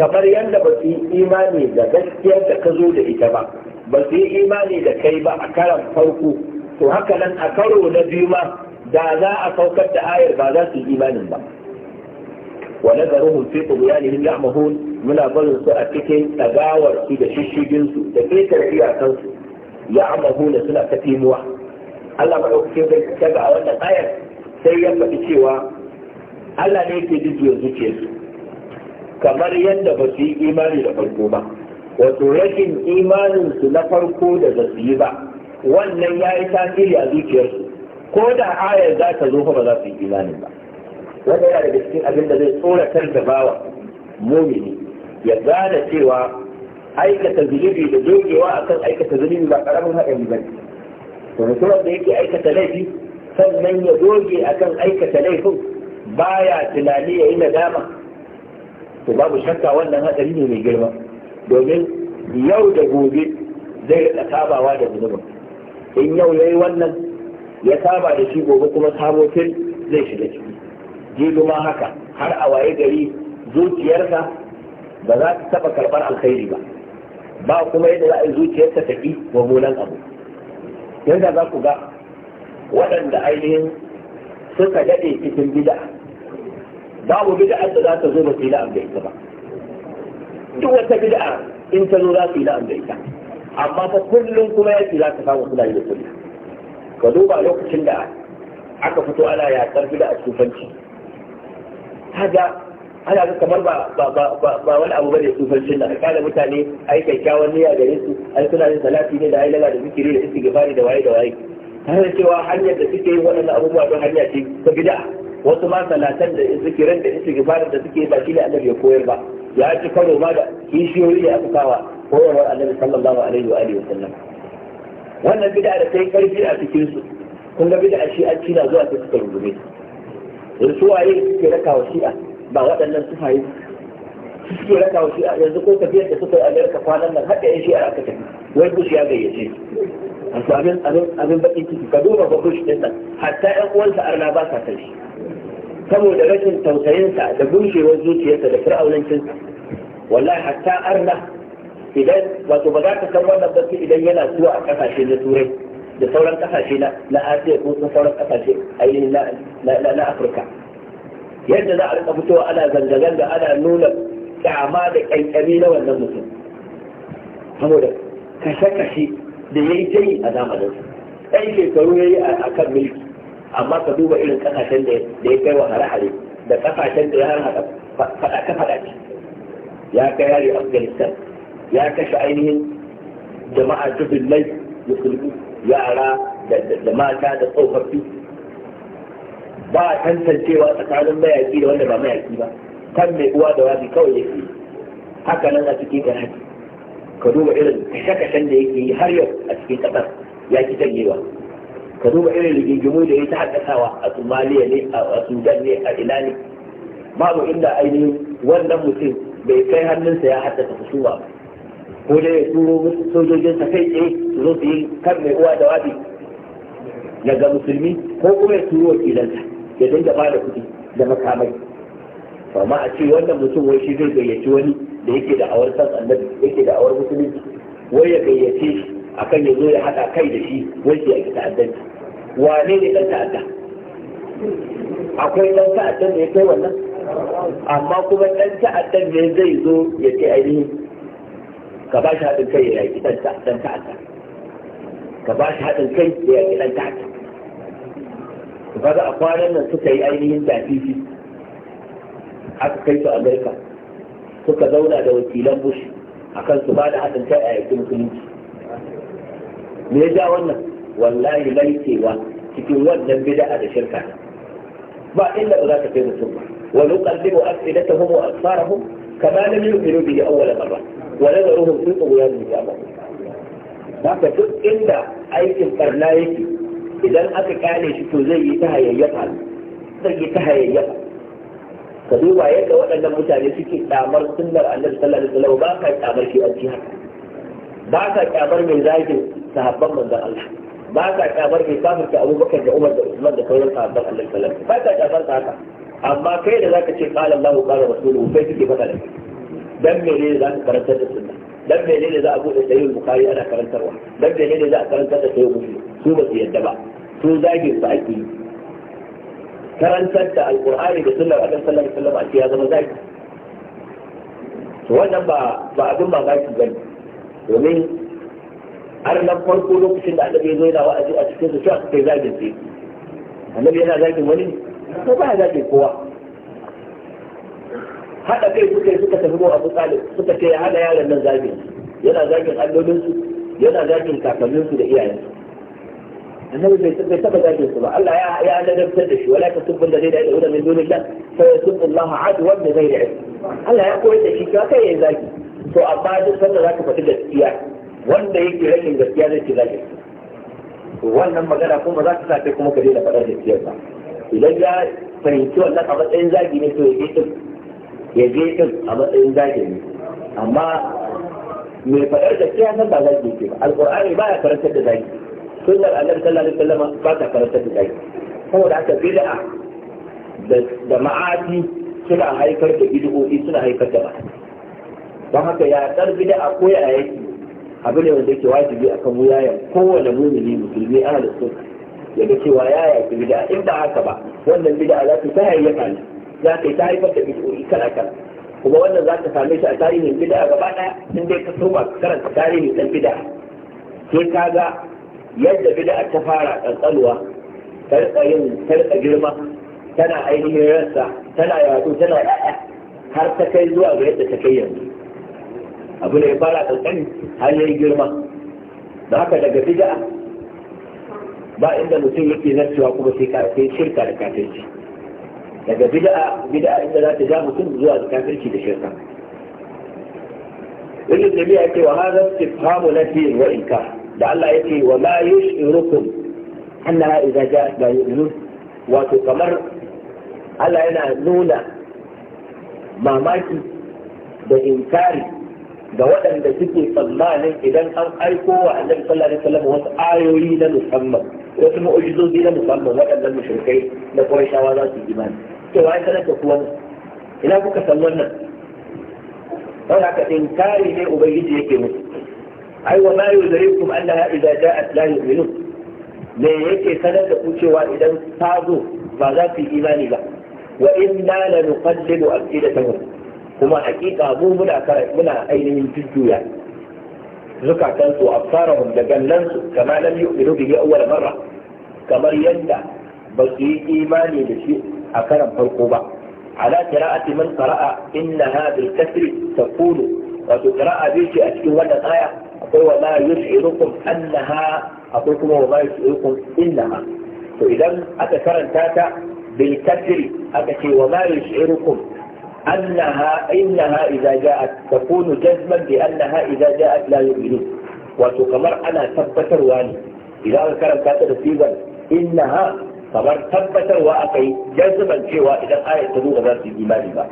kamar yadda ba su yi imani da gaskiyar da ka zo da ita ba ba su yi imani da kai ba a karan farko to haka nan a karo na biyu ma da za a saukar da ayar ba za su yi imanin ba wa nazaruhum fi ya ya'mahun muna barin su a cikin tagawar su da shishigin su da ƙetare iyakan su ya'mahuna suna ta timuwa Allah madaukakin sarki kaga a wannan ayar sai ya faɗi cewa Allah ne yake jijiyar zuciyarsu kamar yadda ba su yi imani da farko ba wato rashin imaninsu na farko da ba su yi ba wannan ya yi tasiri a zuciyarsu ko da aya za ta zo ba za su yi imani ba wanda yana daga cikin abin da zai tsoratar da bawa mumini ya gane cewa aikata zunubi da dogewa akan aikata zunubi ba karamin haɗari ba ne. to mutumin da yake aikata laifi sannan ya doge akan aikata laifin baya tunani ya yi nadama to babu shakka wannan haɗari ne mai girma domin yau da gobe zai rika kabawa da zunubin in yau ya yi wannan ya saba da shi gobe kuma sabo fil zai shiga ciki jibi ma haka har a waye gari zuciyarsa ba za ta taba karbar alkhairi ba ba kuma yadda za a yi zuciyarsa ta ki mummunan abu yadda za ku ga waɗanda ainihin suka daɗe cikin bida babu bida'ar da za ta zo ba su yi la'am da ba duk wata bida'a in ta zo za su yi la'am da amma fa kullum kuma yaki za ta samu kula da kullum ka duba lokacin da aka fito ana yaƙar bida a sufanci haka ana ga kamar ba ba wani abu bane sufancin da kada mutane ai kyakkyawan niyya gare su ai suna yin salati ne da ai lala da zikiri da istighfari da waye da waye har cewa hanyar da suke yi waɗannan abubuwa don hanya ce ta bid'a wasu ma salatan da zikirin da istighfarin da suke ba shi ne annabi ya koyar ba ya ci karo ma da kishiyoyi da aka kawa koyarwar annabi sallallahu alaihi wa alihi wa sallam wannan bid'a da ta yi karfi a cikin su kun ga bid'a shi an cina zuwa ta suka rungume yanzu su waye suke raka wa shi'a ba waɗannan su haye su suke raka wa shi'a yanzu ko tafiyar da suka yi amerika kwanan nan haka yan shi'a aka tafi wai bush ya gayyace su abin abin abin bakin ciki ka duba ba bush din nan hatta yan uwansa arna ba sa san saboda rashin tausayinsa da bushewar zuciyarsa da fir'aunancinsa wallahi hatta arna idan wato ba za ka san wannan ba idan yana zuwa a kasashe na turai da sauran kasashe na asiya ko kuma sauran kasashe ainihin na afirka yadda za a rika fitowa ana zanga-zanga ana nuna kyama da kyankyami na wannan mutum saboda kashe-kashe da ya yi ta yi a zamanin ɗan shekaru ya yi a kan mulki amma ka duba irin kasashen da ya kai wa hare-hare da kasashen da ya har haɗa faɗa-faɗa ya kai yari afghanistan ya kashe ainihin jama'a dubin lai musulmi yara da mata da tsofaffi ba a tantancewa tsakanin mayaki da wanda ba mayaki ba kan mai uwa da wabi kawai yake haka nan a cikin garhaji ka duba irin kashe-kashen da yake yi har yau a cikin kasar ya ki janyewa ka duba irin rigingimu da ya ta haddasawa a somaliya ne a sudan ne a ina ne babu inda ainihin wannan mutum bai kai hannunsa ya haddasa husuma ba ko dai ya turo sojojin kai tsaye su zo su yi kan mai uwa da wabi daga musulmi ko kuma ya turo wakilansa ya dinga ba da kuɗi da makamai amma a ce wannan mutum wai shi zai gayyaci wani da yake da awar san annabi yake da awar musulunci wai ya gayyace shi akan ya zo ya haɗa kai da shi wai ya yi ta'addanci wane ne ɗan ta'adda akwai ɗan ta'addan da ya kai wannan amma kuma ɗan ta'addan ne zai zo ya ce ainihin ka ba shi haɗin kai ya yi ɗan ta'adda ka ba shi haɗin kai ya yaƙi ɗan ta'adda ku kaga a kwanan nan suka yi ainihin tafifi aka kai su amurka suka zauna da wakilan bush akan su ba da haɗin kai a yaƙi musulunci me ya ja wannan wallahi laifewa cikin wannan bida'a da shirka ba inda ba za ta kai mutum ba Wani da ta nuqallibu a wa asfarahum كما لم يؤمنوا به أول مرة ونذرهم في طغيانهم يعمهون haka duk inda aikin barna yake idan aka kyale shi to zai yi ta hayayyafa zai yi ta hayayyafa ka duba yadda waɗannan mutane suke kyamar sunnar annabi ba ka kyamar shi an haka ba ka kyamar mai zagin sahabban manzon Allah ba ka kyamar mai kafirta Abubakar da Umar da Usman da sauran sahabban annabi sallallahu ba amma kai da zaka ce qala Allahu qala rasuluhu kai kike faɗa da dan mene ne zaka karantar da sunna dan mene ne za a bude sayyid bukhari ana karantarwa dan mene ne za a karantar da sayyid muslim su ba su yadda ba su zage su ake karantar da alqur'ani da sunnar annabi sallallahu alaihi wasallam a ya zama zage to wannan ba ba abin zaki bane domin har nan farko lokacin da annabi ya zo yana wa'azi a cikin su sai zagin sai annabi yana zagin wani ko ba zage kowa hada kai suka suka tafi mu Abu Talib suka ce hada yaron nan zabi yana zagin allolin su yana zagin kakannin su da iyayen su annabi bai bai taba zagin su ba Allah ya ya ladabtar da shi wala ka subbu da da ila min dunillah fa yasubbu Allah adwan bi ghairi ilm Allah ya koyar da shi ka kai yayin zagi to amma duk sanda zaka faɗi gaskiya wanda yake rashin gaskiya zai ci zagi wannan magana kuma za ka sa kai kuma ka daina faɗar gaskiyar ba idan ya fahimci wannan a matsayin zagi ne to ya je ɗin ya je din a matsayin zagi ne amma mai faɗar da kiya san ba zagi ke ba Alƙur'ani ba ya karantar da zagi sunnar annabi sallallahu alaihi wasallam ba ta karantar da zagi saboda haka bid'a da ma'adi suna haifar da bid'o'i suna haifar da ma'adi don haka ya dar bid'a ko ya yake abu ne wanda yake wajibi akan wuya wuyayen kowane mumini musulmi ana da sunna ya cewa ya yaki bid'a in ba haka ba wannan bid'a za su ta hanyar ne za ka yi ta haifar da bid'o'i kala kala kuma wannan za ka same shi a tarihin bid'a gaba ɗaya in dai ka soma karanta tarihin ɗan bid'a sai ka ga yadda bid'a ta fara ƙanƙanuwa ta yin girma tana ainihin ransa tana yaɗo tana yaya har ta kai zuwa ga yadda ta kai yanzu abu da ya fara ƙanƙani har ya yi girma da haka daga bid'a ba inda mutum yake na cewa kuma sai kai shirka da kafirci daga bid'a bid'a inda za ta ja mutum zuwa da kafirci da shirka ibn tabi'a yake wa hadha istifhamu nafi wa inkar da Allah yake wa la yushirukum annaha idza ja'at la yu'minun wato kamar Allah yana nuna mamaki da inkari ga waɗanda suke tsammanin idan an aiko wa annabi sallallahu alaihi wasallam wasu ayoyi na musamman wasu mu'ujizozi na musamman waɗannan mushrikai da qurayshawa za su yi imani to ai sanar da kuwan ina kuka san wannan wanda ka inkari ne ubangiji yake musu ai wa ma yuzarikum annaha idza ja'at la yu'minun me yake sanar da ku cewa idan ta zo ba za su yi imani ba wa inna lanuqallibu afidatahum kuma hakika mu muna muna ainihin jujjuya zukatansu a afsarahum da gallan su lam yu'minu bihi awwal marra kamar yadda ba su yi imani da shi a karan farko ba ala qira'ati man qara'a innaha bil kasri takunu wato qira'a bi shi a cikin wannan aya akwai wa la yus'irukum annaha akwai kuma wa la yus'irukum innaha to idan aka karanta ta bil kasri aka ce wa la yus'irukum أنها إنها إذا جاءت تكون جزما بأنها إذا جاءت لا يؤمنون وتقمر أنا ثبتر واني إذا ذكرت كاتب سيبا إنها kamar tabbatarwa aka yi jazuman cewa idan ayat ta zo ba za yi imani ba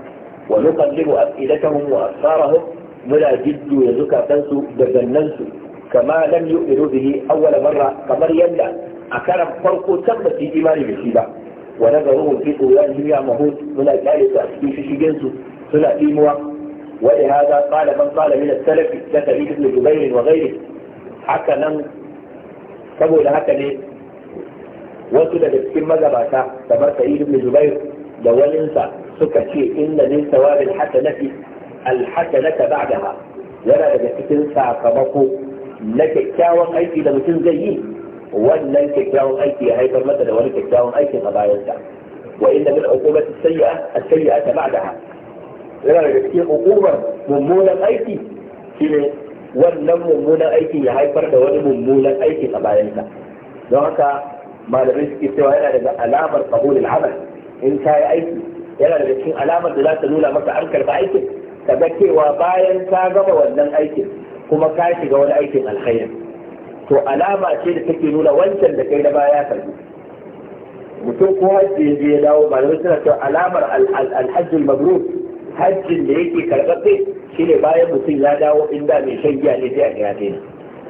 wa nuqallibu afidatahum wa asfarahum muna jiddu ya zukatan su da gannan su kama lam yu'minu bihi awwala kamar yadda a karan farko tabbata imani da ba wa nazaruhum ya tuyanihim mahu muna kyale su a cikin shishigin su suna timuwa wa hada qala man ban min as-salafi da sa'id da jubair wa ghayrihi haka nan saboda haka ne wasu daga cikin magabata kamar sa'id da jubair da walinsa suka ce inna min thawabil hasanati al-hasanata ba'daha yana daga cikin sakamako na kyakkyawan aiki da mutum zai yi wannan kyakkyawan aiki ya haifar masa da wani kyakkyawan aikin a bayansa wa inda min hukumar uqubat as-sayyi'a as-sayyi'a ba'daha yana da cikin hukumar mummunan aiki shine wannan mummunan aiki ya haifar da wani mummunan aiki a bayansa don haka malamai suke cewa yana daga alamar qabulul amal in ka yi aiki yana daga cikin alamar da za ta nuna maka an karba aikin ka ga cewa bayan ka gama wannan aikin kuma ka shiga wani aikin alkhairi to alama ce da take nuna wancan da kai da baya ya karbi mutum ko hajji ya je ya dawo ba da suna cewa alamar alhajjul mabrur hajjin da yake karɓaɓɓe shi ne bayan mutum ya dawo inda mai shan giya ne sai a ga ya daina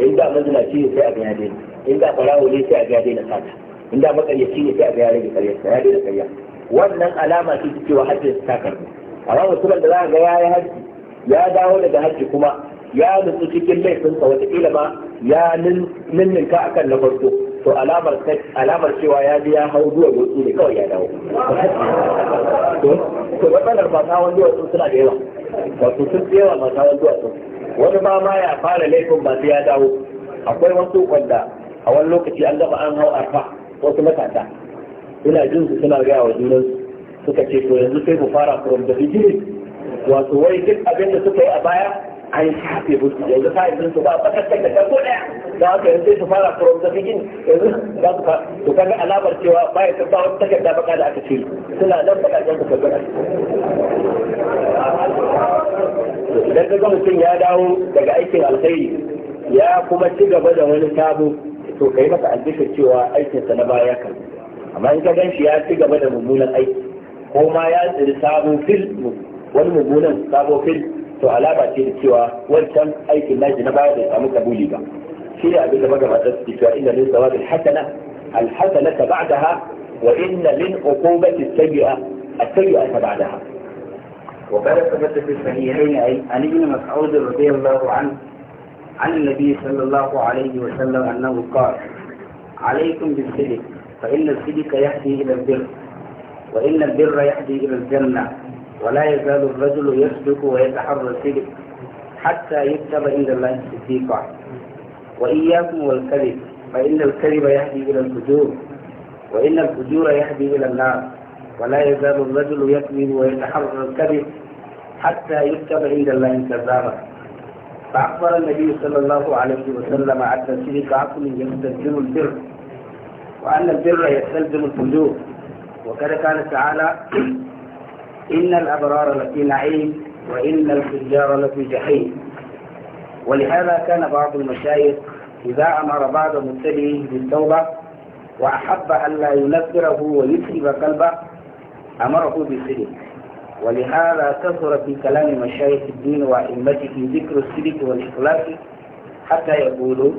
inda mazinaci ne sai a ga ya daina inda ɓarawo ne sai a ga ya daina sata inda makaryaci ne sai a ga ya daina karya ya daina ƙarya. wannan alama ce ta cewa hajjin ta karɓi amma mutumin da za a ga ya yi hajji ya dawo daga hajji kuma ya nutsu cikin laifinsa wataƙila ma ya ninninka akan na farko to alamar cewa ya ji ya hau zuwa gutsu ne kawai ya dawo [laughs] to matsalar masu zuwa sun suna da yawa wato sun fi yawa zuwa sun. wani ba ma ya fara laifin ba sai ya dawo akwai wasu wanda a wani lokaci an gaba an hau arfa wasu matasa ina jin su suna gaya wa junansu suka ce to yanzu sai mu fara from the beginning wato wai duk abin da suka yi a baya an shafe musu yanzu fa'idin su ba bakasai da ko daya da haka yanzu sai su fara from the beginning yanzu za su fara to kaga alamar cewa ba ya ba wata takarda baka da aka ce suna nan bakajen su kaga idan kaga mutum ya dawo daga aikin alkhairi ya kuma ci gaba da wani sabo to kai masa addishin cewa aikinsa na baya kan amma in ka gan shi ya ci gaba da mummunan aiki ko ma ya tsiri sabo fil wani mummunan sabo fil to alama ce da cewa wancan aikin naji na baya bai samu kabuli ba shi ne abin da magabata suke cewa inna lil sawabi hasana al hasana ta ba'daha wa inna lil uqubati sayyi'a as-sayyi'a ta ba'daha وقد ثبت في الصحيحين عن ابن مسعود رضي الله عنه عن النبي صلى الله عليه وسلم انه قال عليكم بالصدق فان الصدق يهدي الى البر وان البر يهدي الى الجنه ولا يزال الرجل يسلك ويتحرى السلك حتى يكتب عند الله صديقا وإياكم والكذب فإن الكذب يهدي إلى الفجور وإن الفجور يهدي إلى النار ولا يزال الرجل يكذب ويتحرى الكذب حتى يكتب عند الله كذابا فأخبر النبي صلى الله عليه وسلم عن تسليك عقل يستلزم البر وأن البر يستلزم الفجور وقد قال تعالى إن الأبرار لفي نعيم وإن الفجار لفي جحيم ولهذا كان بعض المشايخ إذا أمر بعض مبتدئه بالتوبة وأحب أن لا ينفره ويسلب قلبه أمره بالسلك ولهذا كثر في كلام مشايخ الدين وأئمته ذكر السلك والإخلاص حتى يقولوا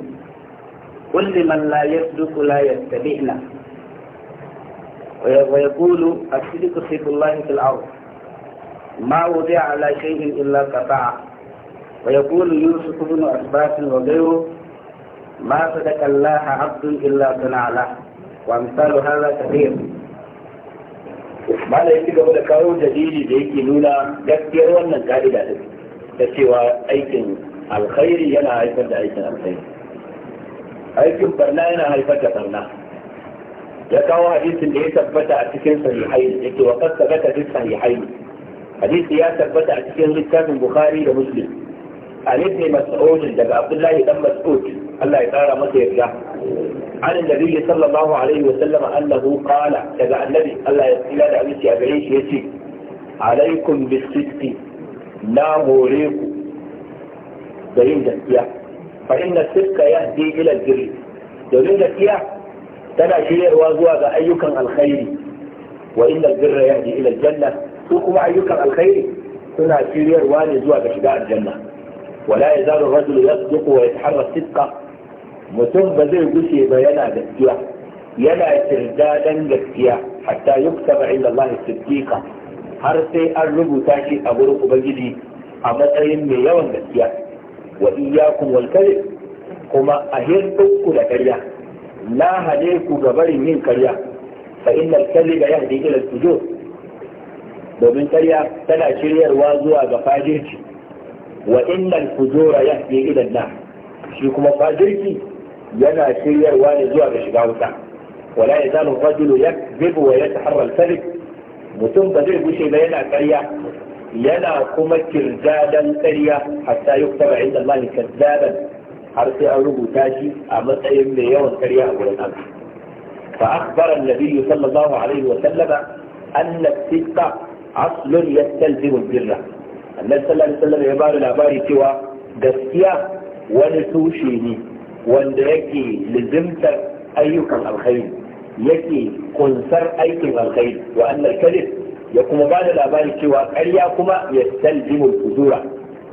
قل لمن لا يسلك لا يتبعنا ويقول السلك سيف الله في الأرض ما وضع على شيء إلا قطع ويقول يوسف بن أسباس وغيره ما صدق الله عبد إلا صنع له وأمثال هذا كثير Malam ya ci gaba da kawo dalili da yake nuna gaskiyar wannan ka'ida din da cewa aikin alkhairi yana haifar da aikin alkhairi. Aikin barna yana haifar da barna. Ya kawo hadisin da ya tabbata a cikin sahihai yake wa qad sabata fi sahihai hadisi ya tabbata a cikin littafin bukhari da muslim an ibn mas'ud daga abdullahi dan mas'ud Allah ya tsara masa yarda an annabi sallallahu alaihi wa sallam annahu qala daga annabi Allah ya tsira da aminci a gare shi yace alaikum bisidqi na hore ku da yin gaskiya fa inna sidqa yahdi ila al domin gaskiya tana shiryarwa zuwa ga ayyukan alkhairi wa birra janna su kuma ayyukan alkhairi suna shiryarwa ne zuwa ga shiga aljanna wala yazalu rajul yasduqu wa yataharra sidqa mutum ba zai gushe ba yana gaskiya yana kirdadan gaskiya hatta yuktaba inda Allah siddiqa har sai an rubuta shi a gurin ubangiji a matsayin mai yawan gaskiya wa iyyakum wal kadhib kuma a hirku da karya la hade ku gabarin yin karya fa innal kadhiba yahdi ila al-fujur domin karya tana shiryarwa zuwa ga fajirci wa innal fujura yahdi ila an shi kuma fajirci yana shiryarwa ne zuwa ga shiga wuta wala yazalu rajulu yakzibu wa yataharra al-kadhib mutum ba zai gushe ba yana karya yana kuma kirdadan karya hatta yuktaba inda Allah kadzaban har sai an rubuta shi a matsayin mai yawan karya a gurin Allah fa akhbara an-nabi sallallahu alaihi wa sallama أن الصدق aslun yastalzimu birra annabi sallallahu alaihi wasallam ya bada labari cewa gaskiya wani tushe ne wanda yake lizimtar ayyukan alkhairi yake kunsar aikin alkhairi wa annal kadhib ya kuma bada labari cewa ƙarya kuma yastalzimu fujura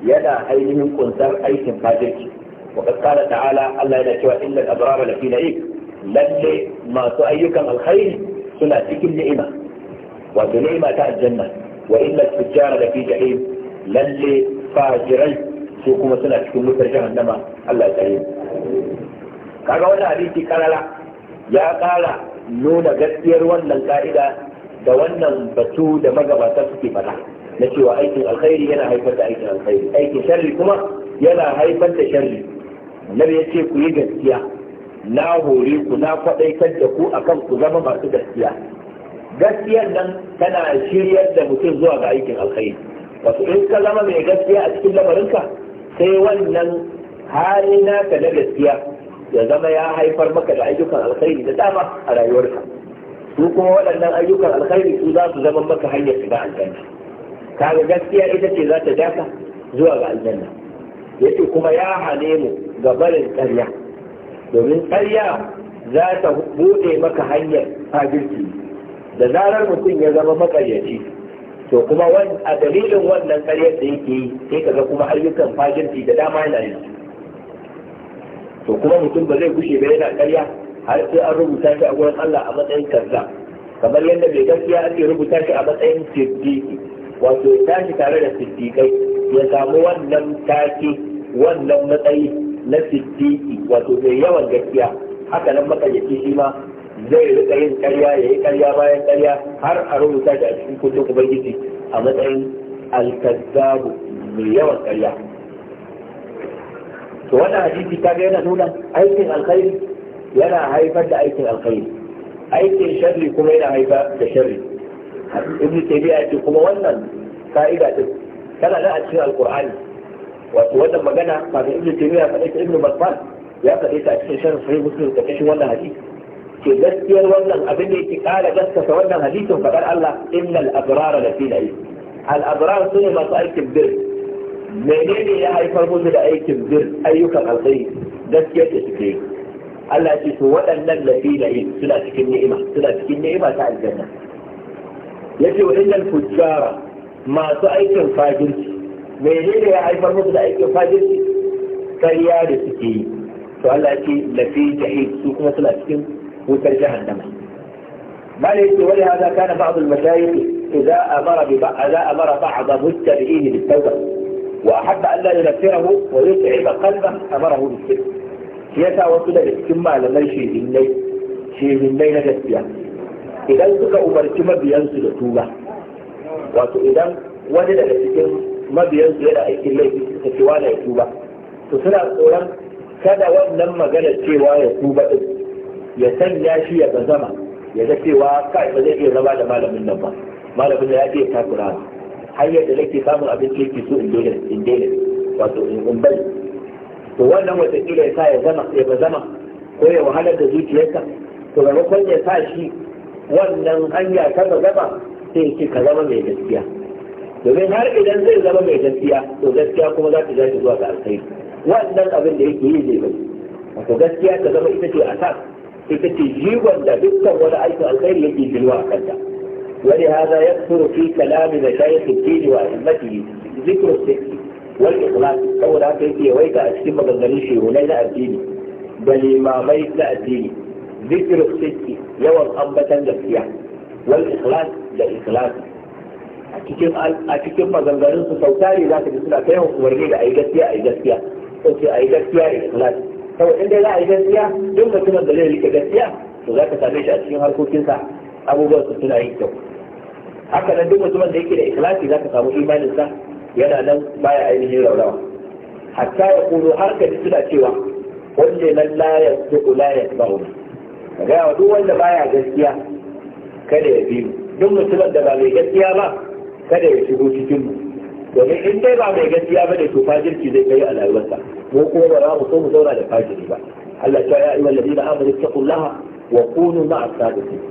yana ainihin kunsar aikin fajirci وقد ta'ala allah الله لا سوى إلا الأبرار لفي lalle masu ayyukan alkhairi suna cikin ni'ima wato ni'ima ta aljanna wa illa tujjara da fi jahim lalle fajirai su kuma suna cikin wutar jahannama Allah ya tsare kaga wannan hadisi karara ya kara nuna gaskiyar wannan ka'ida da wannan batu da magabata suke faɗa na cewa aikin alkhairi yana haifar da aikin alkhairi aikin sharri kuma yana haifar da sharri annabi ya ce ku yi gaskiya na hore ku na kwaɗaitar da ku akan ku zama masu gaskiya gaskiyar nan tana shiryar da mutum zuwa ga aikin alkhairi wato in ka zama mai gaskiya a cikin lamarinka sai wannan hali naka na gaskiya ya zama ya haifar maka da ayyukan alkhairi da dama a rayuwarka su kuma waɗannan ayyukan alkhairi su za su zama maka hanyar shiga aljanna kaga gaskiya ita ce za ta daka zuwa ga aljanna yace kuma ya hane mu ga barin ƙarya domin ƙarya za ta buɗe maka hanyar fajirci da zarar mutum ya zama makaryaci to kuma a dalilin wannan karyar da yake yi sai kaga kuma ayyukan fajirci da dama yana yi to kuma mutum ba zai gushe ba yana karya har sai an rubuta shi a gurin Allah a matsayin kaza kamar yadda bai gaskiya ake rubuta shi a matsayin siddiqi wato ya tashi tare da siddiqai ya samu wannan taki wannan matsayi na siddiqi wato mai yawan gaskiya haka nan makaryaci shi ma zai rika yin karya ya yi karya bayan karya har a rubuta shi a cikin kundin ubangiji a matsayin alkazzabu mai yawan karya to wannan hadisi kaga yana nuna aikin alkhairi yana haifar da aikin alkhairi aikin sharri kuma yana haifar da sharri ibn taymiya ce kuma wannan ka'ida din tana da a cikin alqur'ani wato wannan magana kafin ibn taymiya faɗa ta ibn battal ya faɗe ta a cikin sharh sahih muslim ta kashin wannan hadisi ke gaskiyar wannan abin da yake kara gaskata wannan hadisin faɗar Allah innal abrara fi na'im al abrar sune masu aikin bir menene ya haifar musu da aikin bir ayyukan alkhairi gaskiyar da suke yi Allah ce to waɗannan lafi na'im suna cikin ni'ima suna cikin ni'ima ta aljanna yace wa innal fujjara masu aikin fajirci menene ya haifar musu da aikin fajirci kariya da suke yi to Allah ce fi jahil su kuma suna cikin وتر جهنم ما ليس ولهذا كان بعض المشايخ إذا أمر, إذا أمر بعض متبعيه بالتوبة وأحب أن لا ينفره ويتعب قلبه أمره بالتوبة سياسة وصدر على من يشير مني شير مني نجد بيان إذا أنتك أمرتما بينزل توبة وإذا وجد لسكين ما بينزل إلى أيك سوى لا يتوبة فسنا أقولا كذا لما قال الشيء وآية توبة ya sanya shi ya bazama ya ga cewa kai ba zai iya zama da malamin nan ba malamin ya iya takura hanyar da nake samun abinci yake so in dole in dole wato in bari to wannan wataƙila ya sa ya zama ya bazama ko ya wahalar da zuciyarsa to maimakon ya sa shi wannan hanya ta bazama sai ya ka zama mai gaskiya domin har idan zai zama mai gaskiya to gaskiya kuma za ta ja zuwa ga alkhairi wannan abin da yake yi zai bari wato gaskiya ta zama ita ce a sa ita ce jigon da dukkan wani aikin alkhairi yake bilwa a kanta ولهذا يكثر في كلام مشايخ الدين وائمته ذكر السحر والاخلاص اول هكا يجي ويتا اشتم بغنغري شيخوني لا الديني بل امامي لا الديني ذكر السحر يوم انبتا جسيا da لاخلاص a cikin maganganun su sautari za ka ji suna kai umarni da yi gaskiya yi gaskiya ko ce yi gaskiya ikhlas kawai inda za a yi gaskiya duk mutumin da zai rike gaskiya to za ka same shi a cikin harkokinsa abubuwan su suna yin kyau haka nan duk mutumin da yake da ikhlasi za ka samu imaninsa yana nan baya ainihin raurawa hatta ya kuno har ka ji suna cewa wanda nan la ya tuku la ya Ka gaya wa duk wanda baya gaskiya kada ya bi mu duk mutumin da ba mai gaskiya ba kada ya shigo cikin mu domin in dai ba mai gaskiya ba ne to fajirci zai kai a rayuwarsa mu kuma ba za mu so mu zauna da fajiri ba Allah ta ya ayyuhal ladina amanu taqullaha wa kunu ma'a sadiqin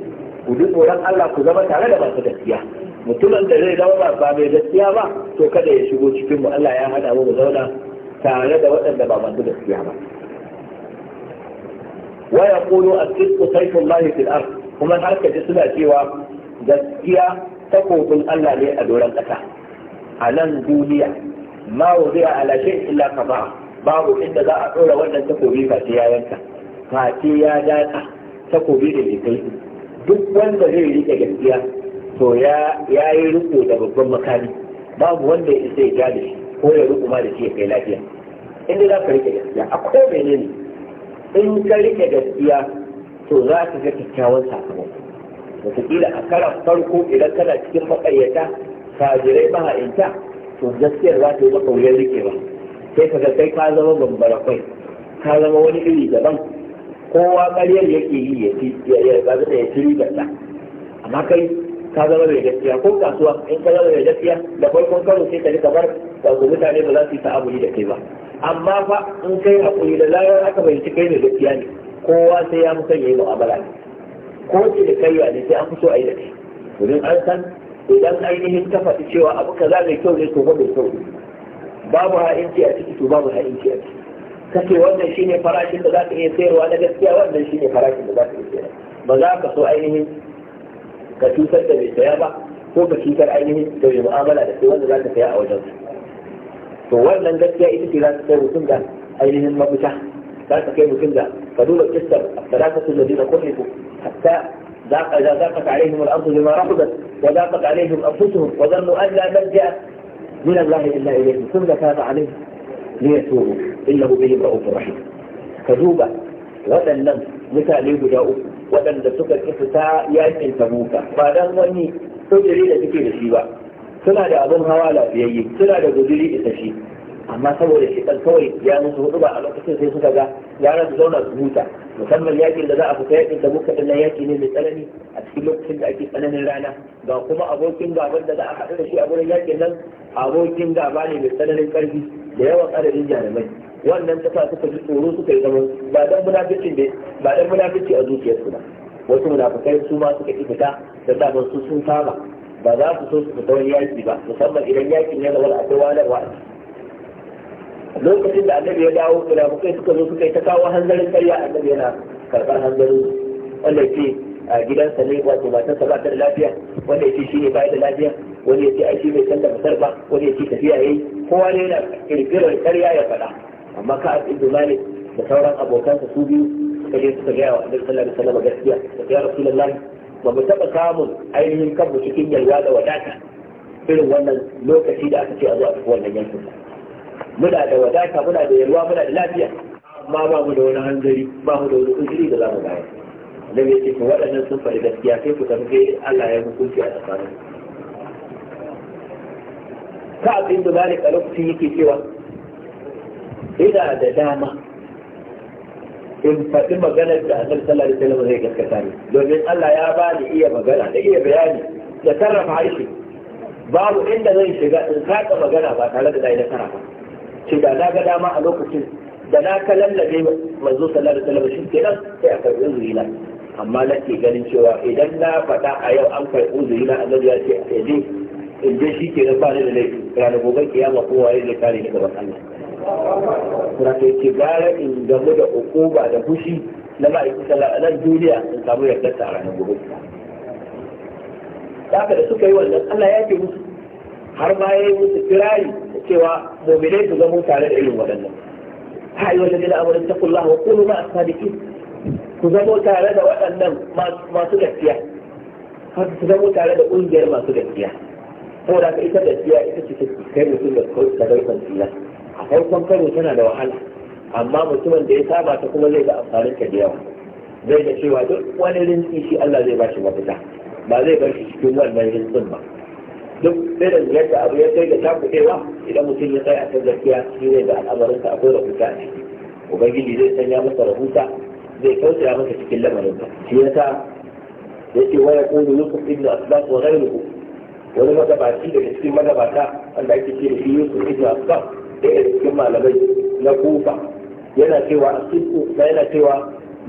ku ji tsoron Allah ku zama tare da masu gaskiya mutumin da zai zauna ba mai gaskiya ba to kada ya shigo cikin mu Allah ya hada mu mu zauna tare da waɗanda ba masu gaskiya ba wa yaqulu as-sidqu sayfullahi fil ard kuma har ka ji suna cewa gaskiya takobin Allah ne a doron ƙasa a nan duniya ma wuzi'a ala shay'in illa qada'a babu inda za a ɗora wannan takobi face ya yanka face ya data takobi da jikai duk wanda zai rike gaskiya to ya yi riko da babban makami babu wanda ya isa ya da shi ko ya riko ma da shi ya kai lafiya inda za ka rike gaskiya a ko menene in ka rike gaskiya to za ka ga kyakkyawan sakamako wataƙila a karan farko idan kana cikin maƙayyata, fajirai maha'inta to gaskiyar za ta yi maka rike ba. sai ka ga kai ka zama bambara kai ka zama wani iri daban kowa ƙaryar yake yi ya fi ya ba ya ci ribar ta amma kai ka zama mai gaskiya ko kasuwa in ka zama mai gaskiya da farkon karo sai ka rika bar wato mutane ba za su yi ta'amuli da kai ba amma fa in kai haƙuri da zarar aka bayyanci kai mai gaskiya ne kowa sai ya musan yi mu'amala ne ko ce da kai ne sai an fi so a yi da kai domin an san idan ainihin ka faɗi cewa abu kaza mai kyau ne to ba mai kyau ne babu ha'inci a ciki to babu ha'inci a ciki kace wannan shine farashin da zaka iya sayarwa na gaskiya wannan shine farashin da zaka iya sayarwa ba za ka so ainihin ka cutar da mai saya ba ko ka cutar ainihin da mai mu'amala da sai wanda za ka saya a wajen to wannan gaskiya ita ce za ta kai mutum da ainihin mafita za ta kai mutum da ka duba kistar salatatu ladina kulliku hatta za za ka ذاقت عليهم الأرض بما رحبت وذاقت عليهم أنفسهم وظنوا أن لا ملجأ من الله إلا إليه ثم تاب عليه ليتوبوا إنه بهم رؤوف رحيم فدوبا waɗannan mutane guda uku waɗanda suka ƙi fita yakin tabuka ba dan wani sojiri da suke da shi ba suna da abin hawa lafiyayye suna da guzuri isa shi amma saboda shi dan kawai ya musu hudu ba a lokacin sai suka ga gara su zauna su huta musamman yakin da za a fita yakin da muka dinnan yaki ne mai tsanani a cikin lokacin da ake tsananin rana ga kuma abokin gaban da za a haɗu da shi a wurin yakin nan abokin gaba ne mai tsananin karfi da yawan adadin jarumai wannan ta sa suka ji tsoro suka yi zaman ba dan munafici ne ba dan munafici a zuciyarsu ba wasu munafikai su ma suka ki fita da sabon su sun saba ba za su so su fita wani yaki ba musamman idan yakin yana wani akwai walarwa a ciki lokacin da annabi ya dawo mukai suka zo suka yi ta kawo hanzarin karya annabi yana karɓar hanzarin wanda ce a gidansa ne wato matarsa ba ta da lafiya wanda ya shi ne baya da lafiya wani ya ce ai shi bai san da masar ba wani ya tafiya yayi kowa ne yana kirkirar karya ya faɗa amma ka a ibn da sauran abokansa su biyu suka je suka gaya wa annabi sallallahu alaihi wasallam gaskiya da ya rasulullahi ba mu taɓa samun ainihin kanmu cikin yalwa da wadata irin wannan lokaci da aka ce a zuwa a wannan yankin muna da wadata muna da yalwa muna da lafiya amma ba mu da wani hanzari ba mu da wani kujiri da za mu bayar annabi ya ce ku waɗannan sun faɗi gaskiya sai ku tambaye Allah ya hukunci a tsakanin ka abin da malik a lokacin yake cewa ina da dama in faɗi maganar da annabi sallallahu alaihi wasallam zai gaskata ne? domin Allah ya ba ni iya magana da iya bayani da sarrafa harshe babu inda zan shiga in saka magana ba tare da na yi nasara ba ce da na ga dama a lokacin da na ka lallabe manzo sallallahu alaihi wasallam shi kenan sai a karbi uzurina amma nake ganin cewa idan na faɗa a yau an karbi uzurina annabi ya ce a eh, je in je shi kenan ba ni da laifi ranar gobe kiyama ko waye ne kare ni gaban Allah kuma ke ce gara in gamu da ukuba da fushi na ma'aikata nan duniya in samu yardarta a ranar gobe kiyama da suka yi wannan Allah ya ke musu har ma ya yi musu kirari da cewa mu'minai su zama tare da irin waɗannan ha yi wajen gina amurin takullah wa kulu ma asadiki ku zama tare da waɗannan masu gaskiya ku zama tare da ƙungiyar masu gaskiya saboda ka ita gaskiya ita ce kai mutum da ɗaukan tsira a farkon karo tana da wahala amma mutumin da ya saba ta kuma zai ga amfanin ta da yawa zai ga cewa duk wani rinsi shi Allah zai ba shi mafita ba zai bar shi cikin wannan rinsin ba duk sai da ziyarta abu ya kai da takuɗewa idan mutum ya tsaya kan gaskiya shi zai ga al'amarinsa akwai rahusa a ciki ubangiji zai sanya masa rahusa zai tausaya masa cikin lamarinsa shi ya ce waya ko kunu yusuf ibn asbaq wa ghayruhu wani magabaci daga cikin magabata wanda ake ce da shi yusuf ibn asbaq daga cikin malamai na kufa yana cewa asibku yana cewa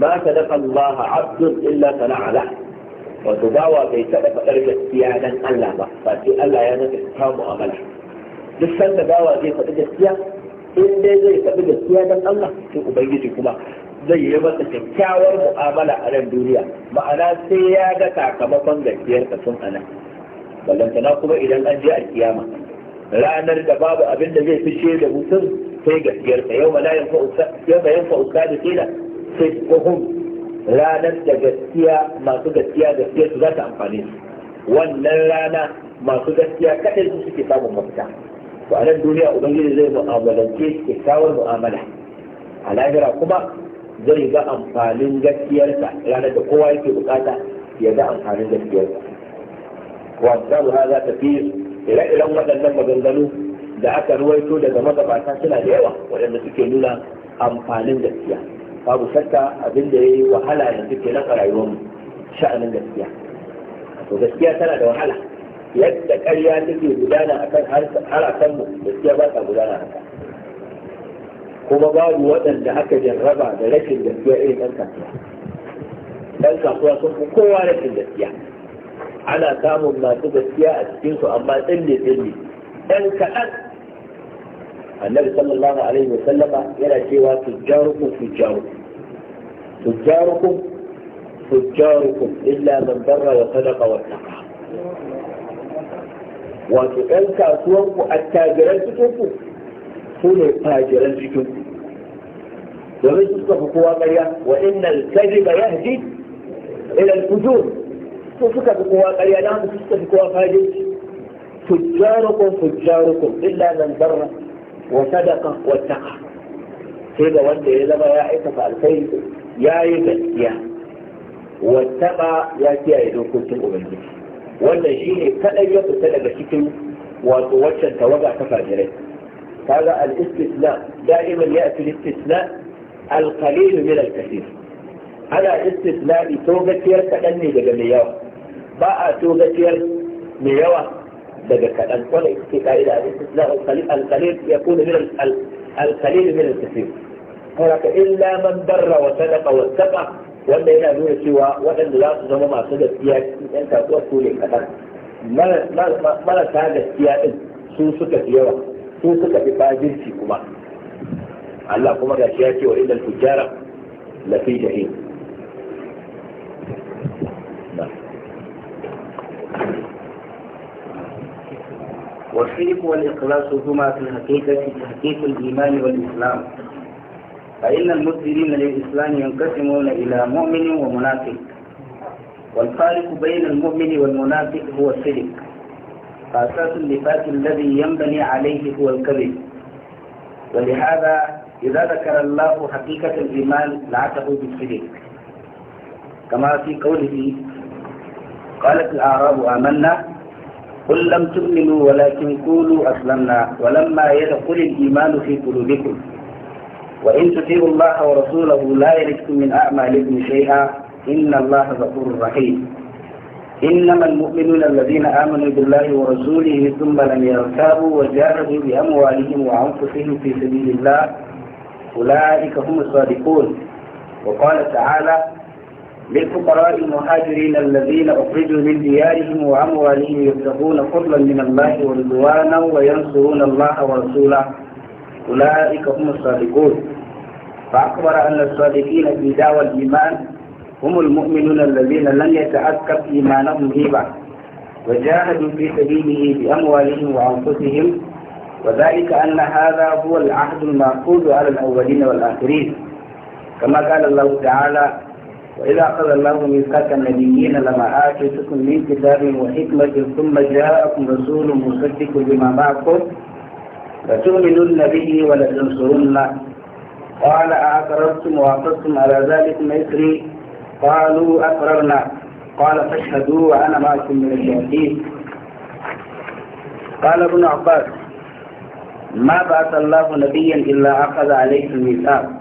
ma sadaqa allaha abdun illa sana'a lahu wato bawa bai taɓa faɗar gaskiya dan Allah ba ba sai Allah ya nuna ta mu'amala duk sanda bawa zai faɗi gaskiya in dai zai faɗi gaskiya dan Allah sai ubangiji kuma zai yi masa kyakkyawar mu'amala a nan duniya ma'ana sai ya ga sakamakon gaskiyar ka sun anan ballantana kuma idan an je a kiyama ranar da babu abin da zai fishe da mutum sai gaskiyarsa yau ma la yanfa'u sai yanfa'u sadaqina sai ko ranar da gaskiya masu gaskiya gaskiya su za ta amfane su wannan rana masu gaskiya kadai su suke samun mafita to a nan duniya ubangiji zai mu'amalance kyakkyawar mu'amala a lahira kuma zai ga amfanin gaskiyarsa ranar da kowa yake bukata ya ga amfanin gaskiyarsa wasu za ta fi ire-iren waɗannan maganganu da aka ruwaito daga magabata suna da yawa waɗanda suke nuna amfanin gaskiya babu shakka abin da yayi wahala yanzu ke na rayuwarmu sha'anin gaskiya to gaskiya tana da wahala yadda ƙarya take gudana akan har akan mu gaskiya ba ta gudana haka kuma babu waɗanda aka jarraba da rashin gaskiya irin ɗan kasuwa ɗan kasuwa sun fi kowa rashin gaskiya ana samun masu gaskiya a cikinsu amma tsalle tsalle ɗan kaɗan النبي صلى الله عليه وسلم يرى جوا تجاركم تجاركم تجاركم تجاركم إلا من بر وصدق واتقى وتقل كأسوانك التاجران تتوفوا كل التاجران تتوفوا ومن تتوفوا قوامية وإن الكذب يهدي إلى الفجور تتوفك بقوا قوامية نعم تتوفك بقوا تجاركم تجاركم إلا من بر wa sadaqa wa sai ga wanda ya zama ya aikata alkhairi ya yi gaskiya wa ya kiyaye dokokin ubangiji wannan shine kadai ya fita daga cikin wato waccan tawaga ta fajirai kaga al-istisna da'iman ya'ti al-istisna al-qalil min al-kathir ana istisna'i togaciyar kaɗan ne daga mai yawa ba a togaciyar mai yawa سبكا ولا يكفيك إلى القليل القليل يكون من القليل من الكثير هناك إلا من بر وصدق واتقى وأن إلى سوى وأن لا تظلم ما صدق إن أنت وصول الكثير ما لا تهاد السياق سوسك فيها سوسك في فاجر فيكما الله كما تشياتي وإن الفجار لفي جهيم Thank نعم. you. والشرك والإخلاص هما في الحقيقة تحقيق الإيمان والإسلام فإن المسلمين للإسلام ينقسمون إلى مؤمن ومنافق والفارق بين المؤمن والمنافق هو الشرك فأساس النفاق الذي ينبني عليه هو الكذب ولهذا إذا ذكر الله حقيقة الإيمان لعته بالشرك كما في قوله قالت الأعراب آمنا قل لم تؤمنوا ولكن قولوا أسلمنا ولما يدخل الإيمان في قلوبكم وإن تطيعوا الله ورسوله لا يلدكم من أعمالكم شيئا إن الله غفور رحيم إنما المؤمنون الذين آمنوا بالله ورسوله ثم لم يرتابوا وجاهدوا بأموالهم وأنفسهم في سبيل الله أولئك هم الصادقون وقال تعالى للفقراء المهاجرين الذين أخرجوا من ديارهم وأموالهم يبتغون فضلا من الله ورضوانا وينصرون الله ورسوله أولئك هم الصادقون فأخبر أن الصادقين في دعوى الإيمان هم المؤمنون الذين لم يتأكد إيمانهم هبة وجاهدوا في سبيله بأموالهم وأنفسهم وذلك أن هذا هو العهد المأخوذ على الأولين والآخرين كما قال الله تعالى وإذا أخذ الله ميثاق النبيين لما آتيتكم من كتاب وحكمة ثم جاءكم رسول مصدق لما معكم لتؤمنن به ولتنصرنه قال أأقررتم وأقررتم على ذلك مصري قالوا أقررنا قال فاشهدوا وأنا معكم من الشهدين قال ابن عباس ما بعث الله نبيا إلا أخذ عليه الميثاق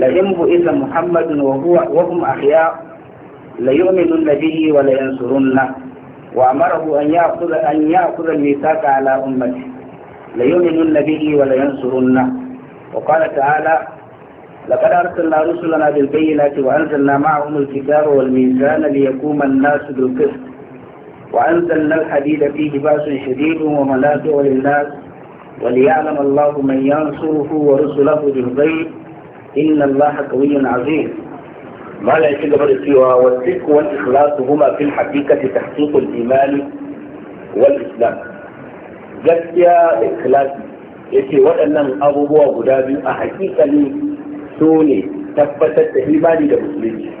لئن بئس محمد وهو وهم أحياء ليؤمنن به ولينصرنه وأمره أن يأخذ أن يأخذ الميثاق على أمته ليؤمنن به ولينصرنه وقال تعالى لقد أرسلنا رسلنا بالبينات وأنزلنا معهم الكتاب والميزان ليقوم الناس بالقسط وأنزلنا الحديد فيه بأس شديد ومنافع للناس وليعلم الله من ينصره ورسله بالغيب inna Allah qawiyyun azim mala ya ci gaba da cewa wa sidq wal ikhlas huma fil haqiqati tahqiq al iman wal islam gaskiya ikhlas yace waɗannan abubuwa guda biyu a haƙiƙani su ne tabbatar da imani da musulunci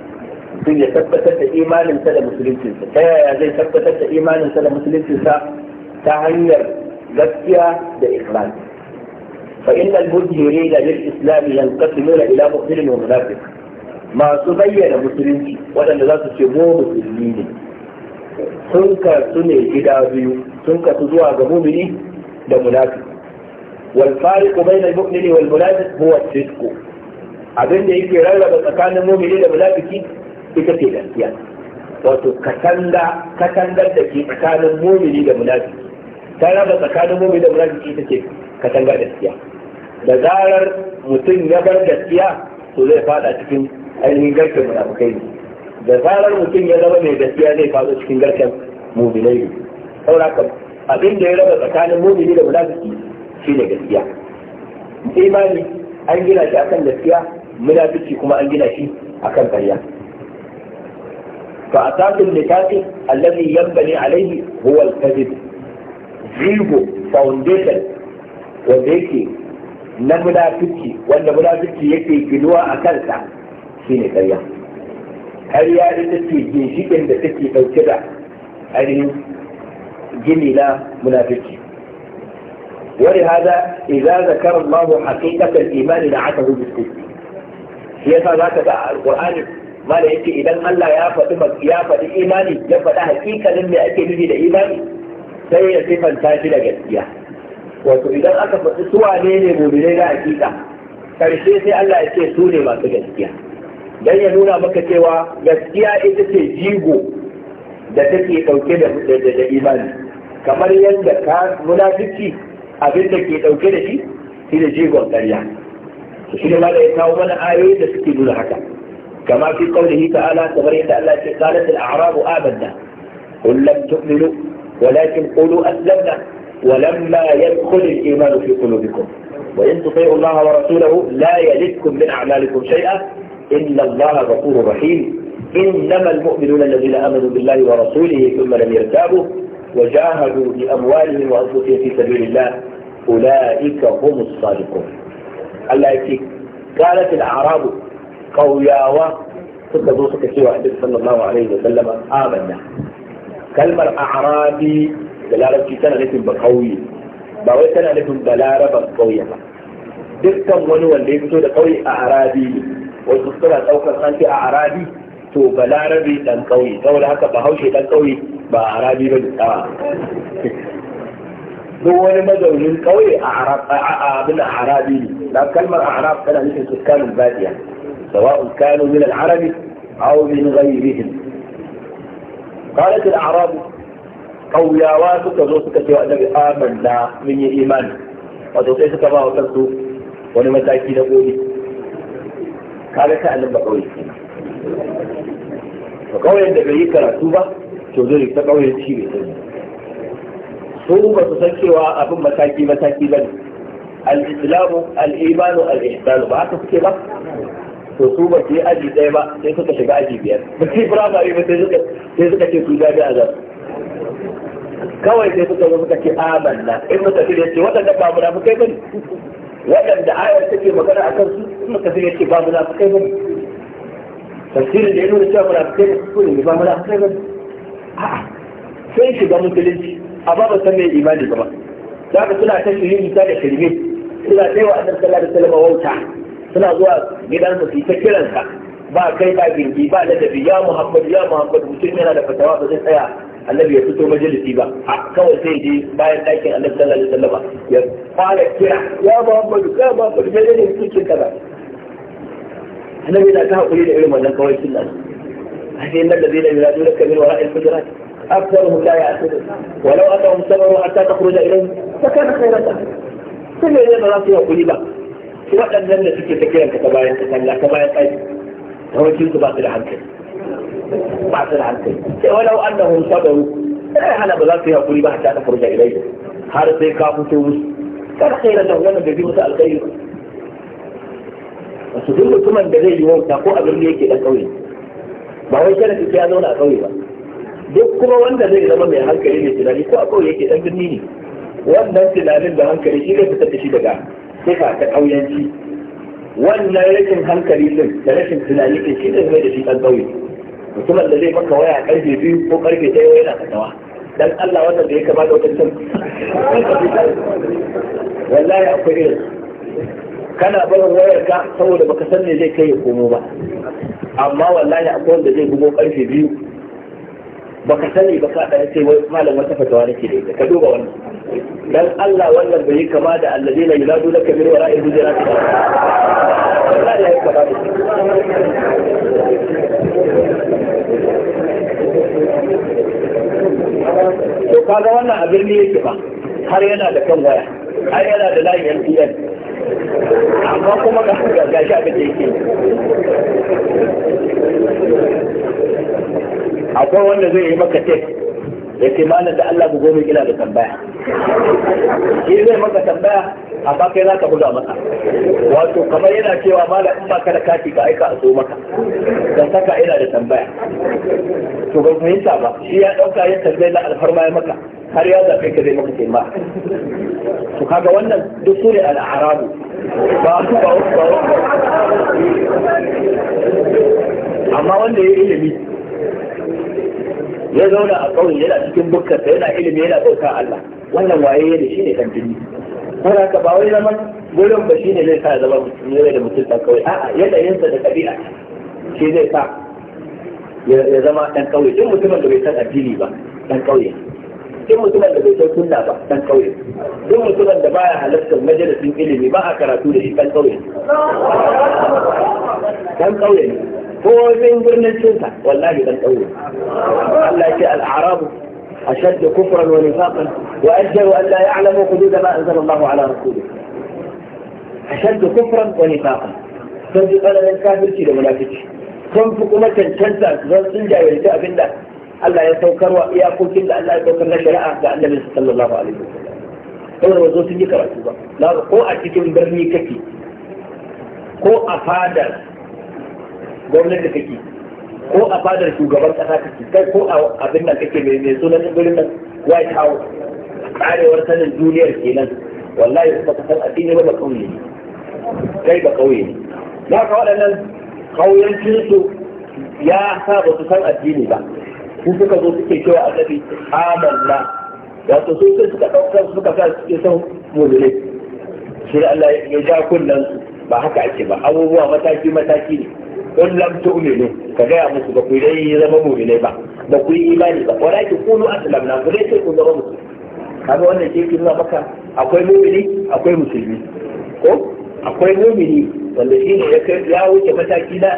mutum ya tabbatar da imaninsa da musuluncinsa ta yaya zai tabbatar da imaninsa da musuluncinsa ta hanyar gaskiya da ikhlasi فإن المدهرين للإسلام ينقسمون إلى مؤمن ومنافق ما تبين مسلمين وأن لا تسموه مسلمين sun karsu ne gida biyu sun karsu zuwa ga mumini da munafi wal fariqu bayna al mu'mini wal munafiq huwa sidqu abin da yake rarraba tsakanin mumini da munafiki ita ce gaskiya wato katangar da ke tsakanin mumini da munafiki ta raba tsakanin mumini da munafiki ita ce katangar gaskiya da zarar mutum ya bar gaskiya to zai fada cikin ainihin garken munafukai ne da zarar mutum ya zama mai gaskiya zai fado cikin garken muminai ne saboda abin da ya raba tsakanin mumini da munafiki shine gaskiya imani an gina shi akan gaskiya munafiki kuma an gina shi akan karya فأساس النفاق الذي ينبني عليه هو الكذب زيغو فاونديشن وذيكي na munafiki wanda munafiki yake ginuwa a kansa shine ƙarya ƙarya ita ce ginshiƙin da take ɗauke da ainihin gini na munafiki ولهذا إذا ذكر الله حقيقة الإيمان نعته بالكفر يسا ذاك بقى القرآن ما لأيك إذا الله يا فتما يا فت إيماني يا فت حقيقة لما أكي نجي لإيماني سيئة صفا تاجلة جسية wato idan aka faɗi suwa ne ne mu'minai na hakika karshe sai Allah ya ce su ne masu gaskiya dan ya nuna maka cewa gaskiya ita ce jigo da take dauke da da imani kamar yadda ka munafiki abin da ke dauke da shi shi ne jigon ƙarya to shi ne ma da ya kawo mana ayoyi da suke nuna haka kama fi qaulihi ta'ala kamar yadda Allah ya ce qalat al-a'rabu amanna qul lam tu'minu walakin qulu aslamna ولما يدخل الإيمان في قلوبكم وإن تطيعوا الله ورسوله لا يلدكم من أعمالكم شيئا إن الله غفور رحيم إنما المؤمنون الذين آمنوا بالله ورسوله ثم لم يرتابوا وجاهدوا بأموالهم وأنفسهم في سبيل الله أولئك هم الصادقون الله يكفيك قالت الأعراب قوياوة suka zo suka cewa Annabi sallallahu alaihi wa sallama amanna kalmar da larabci tana nufin ba kauye ba wai tana nufin ba laraban kauye ba dukkan wani wanda ya fito da kauye a arabi ne wasu suna ɗaukar an a arabi to ba larabi dan kauye saboda haka ba haushe dan kauye ba arabi ba a duk wani mazaunin kauye a abin a arabi ne da kalmar arab tana nufin sukkanin badiya sawa'un kanu min al-arabi aw min ghayrihim قالت الأعراب ƙauyawa suka zo suka ce wa annabi amanna mun yi imani wato sai suka ba wa kansu wani mataki na gobe kare ta annabi ƙauye ba ƙauyen da bai yi karatu ba to zai ta ƙauyen shi bai sani su ba su san cewa abin mataki mataki ba ne al-islamu al-imanu al-ihsanu ba haka suke ba to su ba su yi aji ɗaya ba sai suka shiga aji biyar ba su yi firamare ba sai suka ce su jami'a za su kawai sai suka zo suka ce amanna in muka fi yace waɗanda ba munafukai bane waɗanda ayar take magana akan su in muka fi yace ba munafukai bane tafsiri da ya nuna cewa munafukai ne su ne ba munafukai bane a'a sai shiga musulunci amma ba san mai imani ba za ka suna ta shirin ta da shirme suna kai wa annabi sallallahu alaihi wasallam wauta suna zuwa gidan su ta kiransa ba kai ba gindi ba ladabi ya muhammad ya muhammad mutum yana da fatawa ba zai tsaya annabi ya fito majalisi ba a kawai sai je bayan ɗakin annabi sallallahu alaihi wasallam ya fara kira ya Muhammadu ya Muhammadu me ne kuke kaza annabi da ta hakuri da irin wannan kawai nan sai nan da zai da yuradu da da a ta hatta kamar wara'il fujurat أكثرهم لا يأكلون ولو أنهم صبروا حتى تخرج إليهم فكان خيرا لهم كل إذا راسي وقلبا وقد لم نسكت كثيرا كتباين كتباين كتباين قيد هو كنت da hankali ba su da hankali sai walau annahum sabaru sai hana ba za su yi hakuri ba hatta ta furja ilaihi har sai ka fito musu kar sai da wannan da bi musu alkhairi wasu duk mutumin da zai yi wauta ko abin da yake da kauye ba wai sharafi ya zauna a kauye ba duk kuma wanda zai zama mai hankali mai tunani ko a kauye yake dan birni ne wannan tunanin da hankali shi zai fitar da shi daga sifa ta kauyanci wannan rashin hankali din da rashin tunani din shi zai mai da shi dan kauye mutum da zai maka waya karfe biyu ko karfe ɗaya yana fatawa dan Allah wannan da ya kamata wata cin wallahi akwai irin kana barin wayar ka saboda baka san me zai kai ya komo ba amma wallahi akwai wanda zai bugo karfe biyu baka sani ba ka dan sai wai malam wata fatawa nake da ita ka duba wannan dan Allah wannan bai kama da alladina yuladu laka min wara'i hujurati wallahi ya kama da kaga wannan a birni yake ba har yana da kan waya har yana da layin MTN amma kuma ga ga shi abin da yake akwai wanda zai yi maka tek ya ce malam da Allah ku gome kila da tambaya shi zai maka tambaya amma kai za ka buga masa wato kamar yana cewa da in ba ka da kati ka aika a so maka dan saka ina da tambaya to ban fahimta ba shi ya dauka yin tambayi na alfarma ya maka har ya zafe ka zai maka taimaka to kaga wannan duk sune al'arabu ba su ba ba amma wanda ya ilimi ya zauna a ƙauye yana cikin bukkarsa yana ilimi yana ɗauka Allah wannan waye ne shi ne kan jini Kana ka ba wai zaman gurin ba shine zai sa ya zama mutum da mutum ɗan kawai a'a yanayinsa da ɗabi'a shi zai sa ya zama ɗan ƙauye duk mutumin da bai san addini ba ɗan ƙauye duk mutumin da bai san sunna ba ɗan ƙauye duk mutumin da baya halartar majalisin ilimi ba a karatu da shi ɗan ƙauye ɗan ƙauye ne ko bin birnin cinsa wallahi ɗan ƙauye Allah ya ce al'arabu اشد كفرا ونفاقا واجدر ان لا يعلموا حدود ما انزل الله على رسوله اشد كفرا ونفاقا فجي قال لك كافر كي لما نافتش كم فكومة تنسى زل سنجا يلتا فينا ألا يتوكر ويا قلت إلا ألا يتوكر لك لا أعطى أن النبي صلى الله عليه وسلم أولا وزل سنجي كرا سوبا لا قوة تكون برني كتي قوة فادر قولنا لك كتي ko a fadar shugaban kasa kake kai ko a abin nan kake mai mai sunan birnin nan white house karewar sanin duniyar kenan wallahi ba ka san addini ba ba kauye ne kai ba kauye ne za ka waɗannan kauyancinsu ya sa ba su san addini ba su suka zo suke cewa annabi amanna wato su sai suka ɗaukar suka sa suke son mulule shi Allah ya ja kullansu, ba haka ake ba abubuwa mataki mataki ne in lam tu'minu ka ga musu ba ku dai zama mu'minai ba ba ku yi imani ba walakin qulu aslamna ku dai sai ku zama musu kaga wannan ke nuna maka akwai mu'mini akwai musulmi ko akwai mu'mini wanda shi ne ya wuce mataki na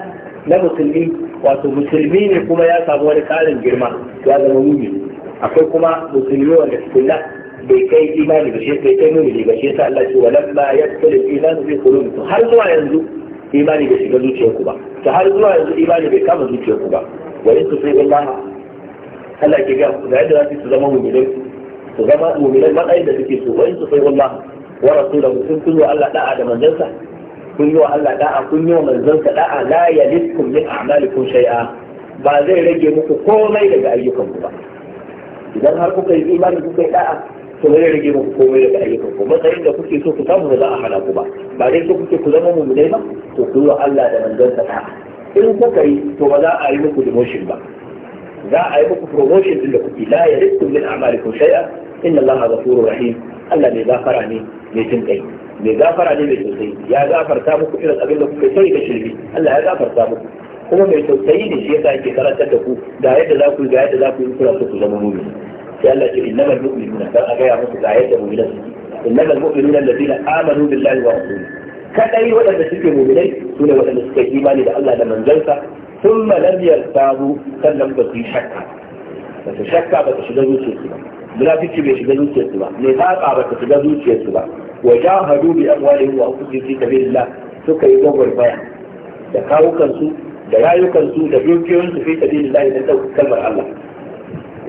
na musulmi wato musulmi ne kuma ya samu wani karin girma ya zama mu'mini akwai kuma musulmi wanda tukunna bai kai imani ba shi bai kai mu'mini ba shi yasa Allah ya ce walamma yaqulu al-imanu fi har zuwa yanzu imani bai shiga zuciyarku ba ta har zuwa yanzu imani bai kama zuciyarku ba wa in su sai Allah Allah ke ga ga yadda za su zama mu'minai su zama mu'minai matsayin da suke so wa in su sai Allah wa rasulahu sun kun wa Allah da'a da manzansa kun yi wa Allah da'a kun yi wa manzansa da'a la yalikum min a'malikum shay'a ba zai rage muku komai daga ayyukanku ba idan har kuka yi imani kuka yi da'a kuma zai rage muku komai daga ayyukan ku matsayin da kuke so ku samu da za a hana ku ba ba dai ko kuke ku zama mummunai ba to ku yi wa Allah da manzon sa ta in kuka yi to ba za a yi muku demotion ba za a yi muku promotion din da kuke la ya rikku min a'malikum shay'a inna Allah ghafurur rahim Allah mai gafara ne mai jin kai mai gafara ne mai tausayi ya gafarta muku irin abin da kuka sai ka shirbi Allah ya gafarta muku kuma mai tausayi ne shi yasa yake karantar da ku ga yadda za ku ga yadda za ku yi kula ku zama mu'mini sai Allah ce innamal mu'minuna dan a gaya musu ga yadda mu'minan su innamal mu'minuna alladhina amanu billahi wa rasulihi kadai waɗanda suke mu'minai su ne waɗanda suka yi imani da Allah da manzansa thumma lam yartabu sannan ba su shakka ba su shakka ba su shiga zuciyarsu ba munafici bai shiga zuciyarsu ba ne faqa ba ta shiga zuciyarsu ba wa jahadu bi amwalihim wa anfusihim fi sabilillah suka yi gwagwarmaya da kawukansu da rayukansu da dukiyoyinsu fi sabilillah da kalmar Allah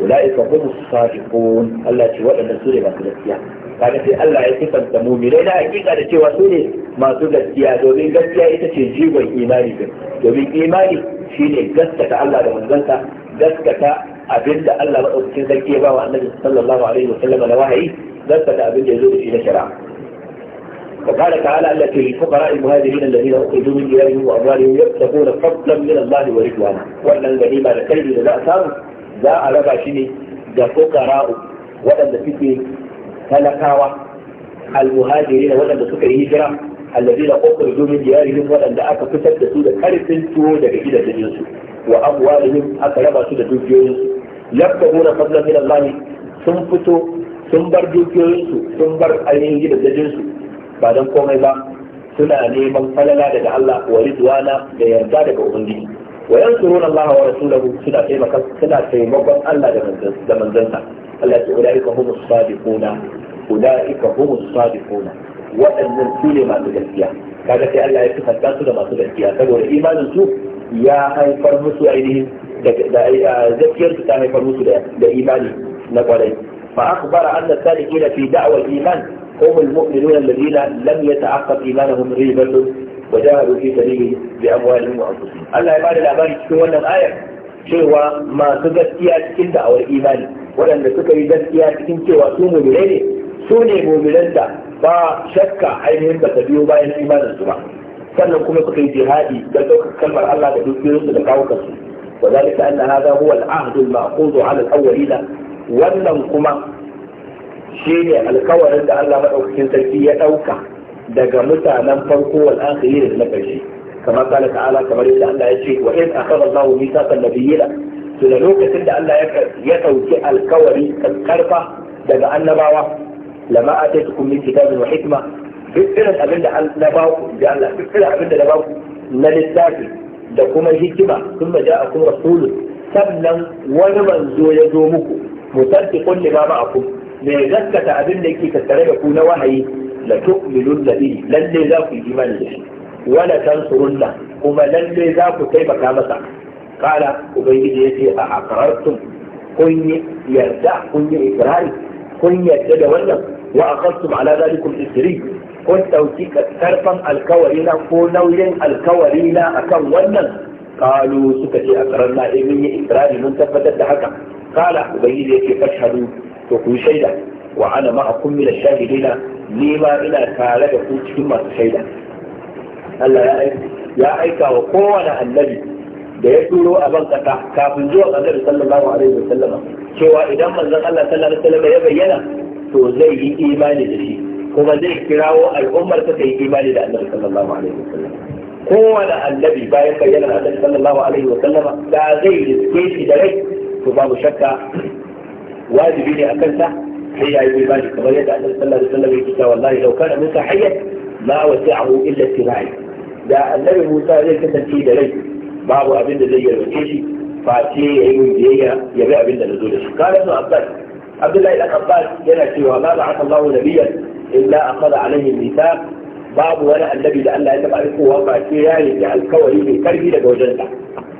أولئك هم الصادقون الله يقول أن سوري ما تلسيا kaga sai Allah ya sifanta mu'minai na hakika da cewa su ne masu gaskiya domin gaskiya ita ce jigon imani din domin imani shine gaskata Allah da manzansa gaskata abinda Allah madaukakin sarki ya ba wa Annabi sallallahu alaihi wasallam na wahayi gaskata abinda ya zo da shi na shari'a وقال تعالى التي للفقراء المهاجرين الذين اخرجوا من ديارهم واموالهم يبتغون فضلا من الله ورضوانه وان الغنيمه لكلمه لا ثمن za a raba shi ne ga fukara'u waɗanda suke talakawa al-muhajirin waɗanda suka yi hijira alladina ukhriju min diyarihim waɗanda aka fitar da su da karfin tuwo daga gidajen su wa amwalihim aka raba su da dukiyoyin su yabtaguna fadlan min Allah sun fito sun bar dukiyoyin su sun bar ainihin gidajen su ba dan komai ba suna neman falala daga Allah wa ridwana da yarda daga ubangiji wa yansuruna Allah wa rasulahu suna taimaka suna taimakon Allah da manzansa Allah ya ce ulaika humus sadiquna ulaika humus sadiquna waɗannan su ne masu gaskiya kaga sai Allah ya sifanta su da masu gaskiya saboda imanin su ya haifar musu ainihin da gaskiyar su ta haifar musu da imani na kwarai fa akhbara anna sadiqina fi da'wa al-iman هم المؤمنون الذين لم يتعقب ايمانهم ريبه وجاهدوا في سبيله بأموالهم وأنفسهم الله يبارك الأبارك في ولا آية cewa masu gaskiya cikin da'awar imani waɗanda suka yi gaskiya cikin cewa su mumire ne su ne mumiran ba shakka ainihin ba ta biyo bayan imanin su ba sannan kuma suka yi jihadi da ɗaukar kalmar Allah da dukiyoyinsu da kawukansu wa zalika anna hadha huwa al-ahd al-ma'qud 'ala al-awwalina wannan kuma shine alkawarin da Allah madaukakin sarki ya ɗauka daga mutanen farko wal akhiri da na karshe kama kala ta'ala kamar yadda Allah ya ce wa in akhadha Allahu mithaqan nabiyina to da lokacin da Allah ya dauki alkawari karfa daga annabawa lama ataitukum min kitabin wa hikma duk irin abin da na ba ku da Allah duk irin abin da na ba ku na lissafi da kuma hikima sun ma a kuma rasulun sannan wani manzo ya zo muku musaddiqun lima ma'akum me gaskata abin da yake tattare da ku na wahayi la tu'minun bihi lalle za ku yi imani da shi wala tansurunna kuma lalle za ku taimaka masa kala ubangiji yace a aqrartum kun yi yarda kun yi ikrari kun yarda da wannan wa aqadtum ala zalikum isri kun dauki karfan alkawari na ko nauyin alkawari na akan wannan kalu suka ce aqrarna eh mun yi ikrari mun tabbatar da haka kala ubangiji yace fashhadu to ku shaida wa ana ma'akum min ash-shahidina ni ma ina tare da ku cikin masu shaida Allah ya aika wa kowane annabi da ya turo a ban kasa kafin zuwa annabi sallallahu alaihi wa sallama cewa idan manzon Allah sallallahu alaihi wa sallama ya bayyana to zai yi imani da shi kuma zai kirawo al'ummar ta ta yi imani da annabi sallallahu alaihi wa sallama kowane annabi bayan bayyana annabi sallallahu alaihi wa sallama da zai riske shi da rai to babu shakka wajibi ne a kansa حياء بمالك ويدع النبي صلى الله عليه وسلم يتسى والله لو كان موسى حياء ما وسعه إلا اتباعي دا النبي موسى ليس تنكيد لي بعض أبن زي المكيشي فأتيه عيون زيية يبيع أبن نزول قال ابن عبدال عبد الله إلاك عبدال ينأتي وما بعث الله نبيا إلا أخذ عليه الميثاق بعض ولا النبي لأن لا يتبع لكم وفأتيه يعني الكوري من كرهي لجوجنة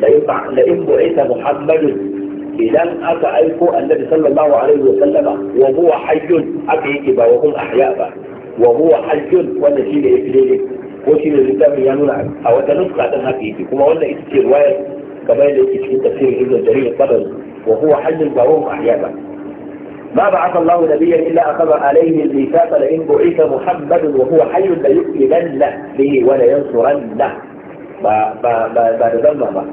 لا يطع لإن بعث محمد idan aka aiko annabi sallallahu alaihi wa sallama wa huwa hayyun aka yake ba wa hum ahya ba wa huwa hayyun wanda shi ne yake daidai ko shi ne littafin ya nuna a wata nuska dan haka yake kuma wannan ita ce riwayar kamar da yake cikin tafsirin ibn jarir qadar wa huwa hayyun ba wa hum ahya ba ما بعث الله نبيا الا اخذ عليه الميثاق لئن بعث محمد وهو حي ليؤمنن به ولينصرنه ba da zamba ba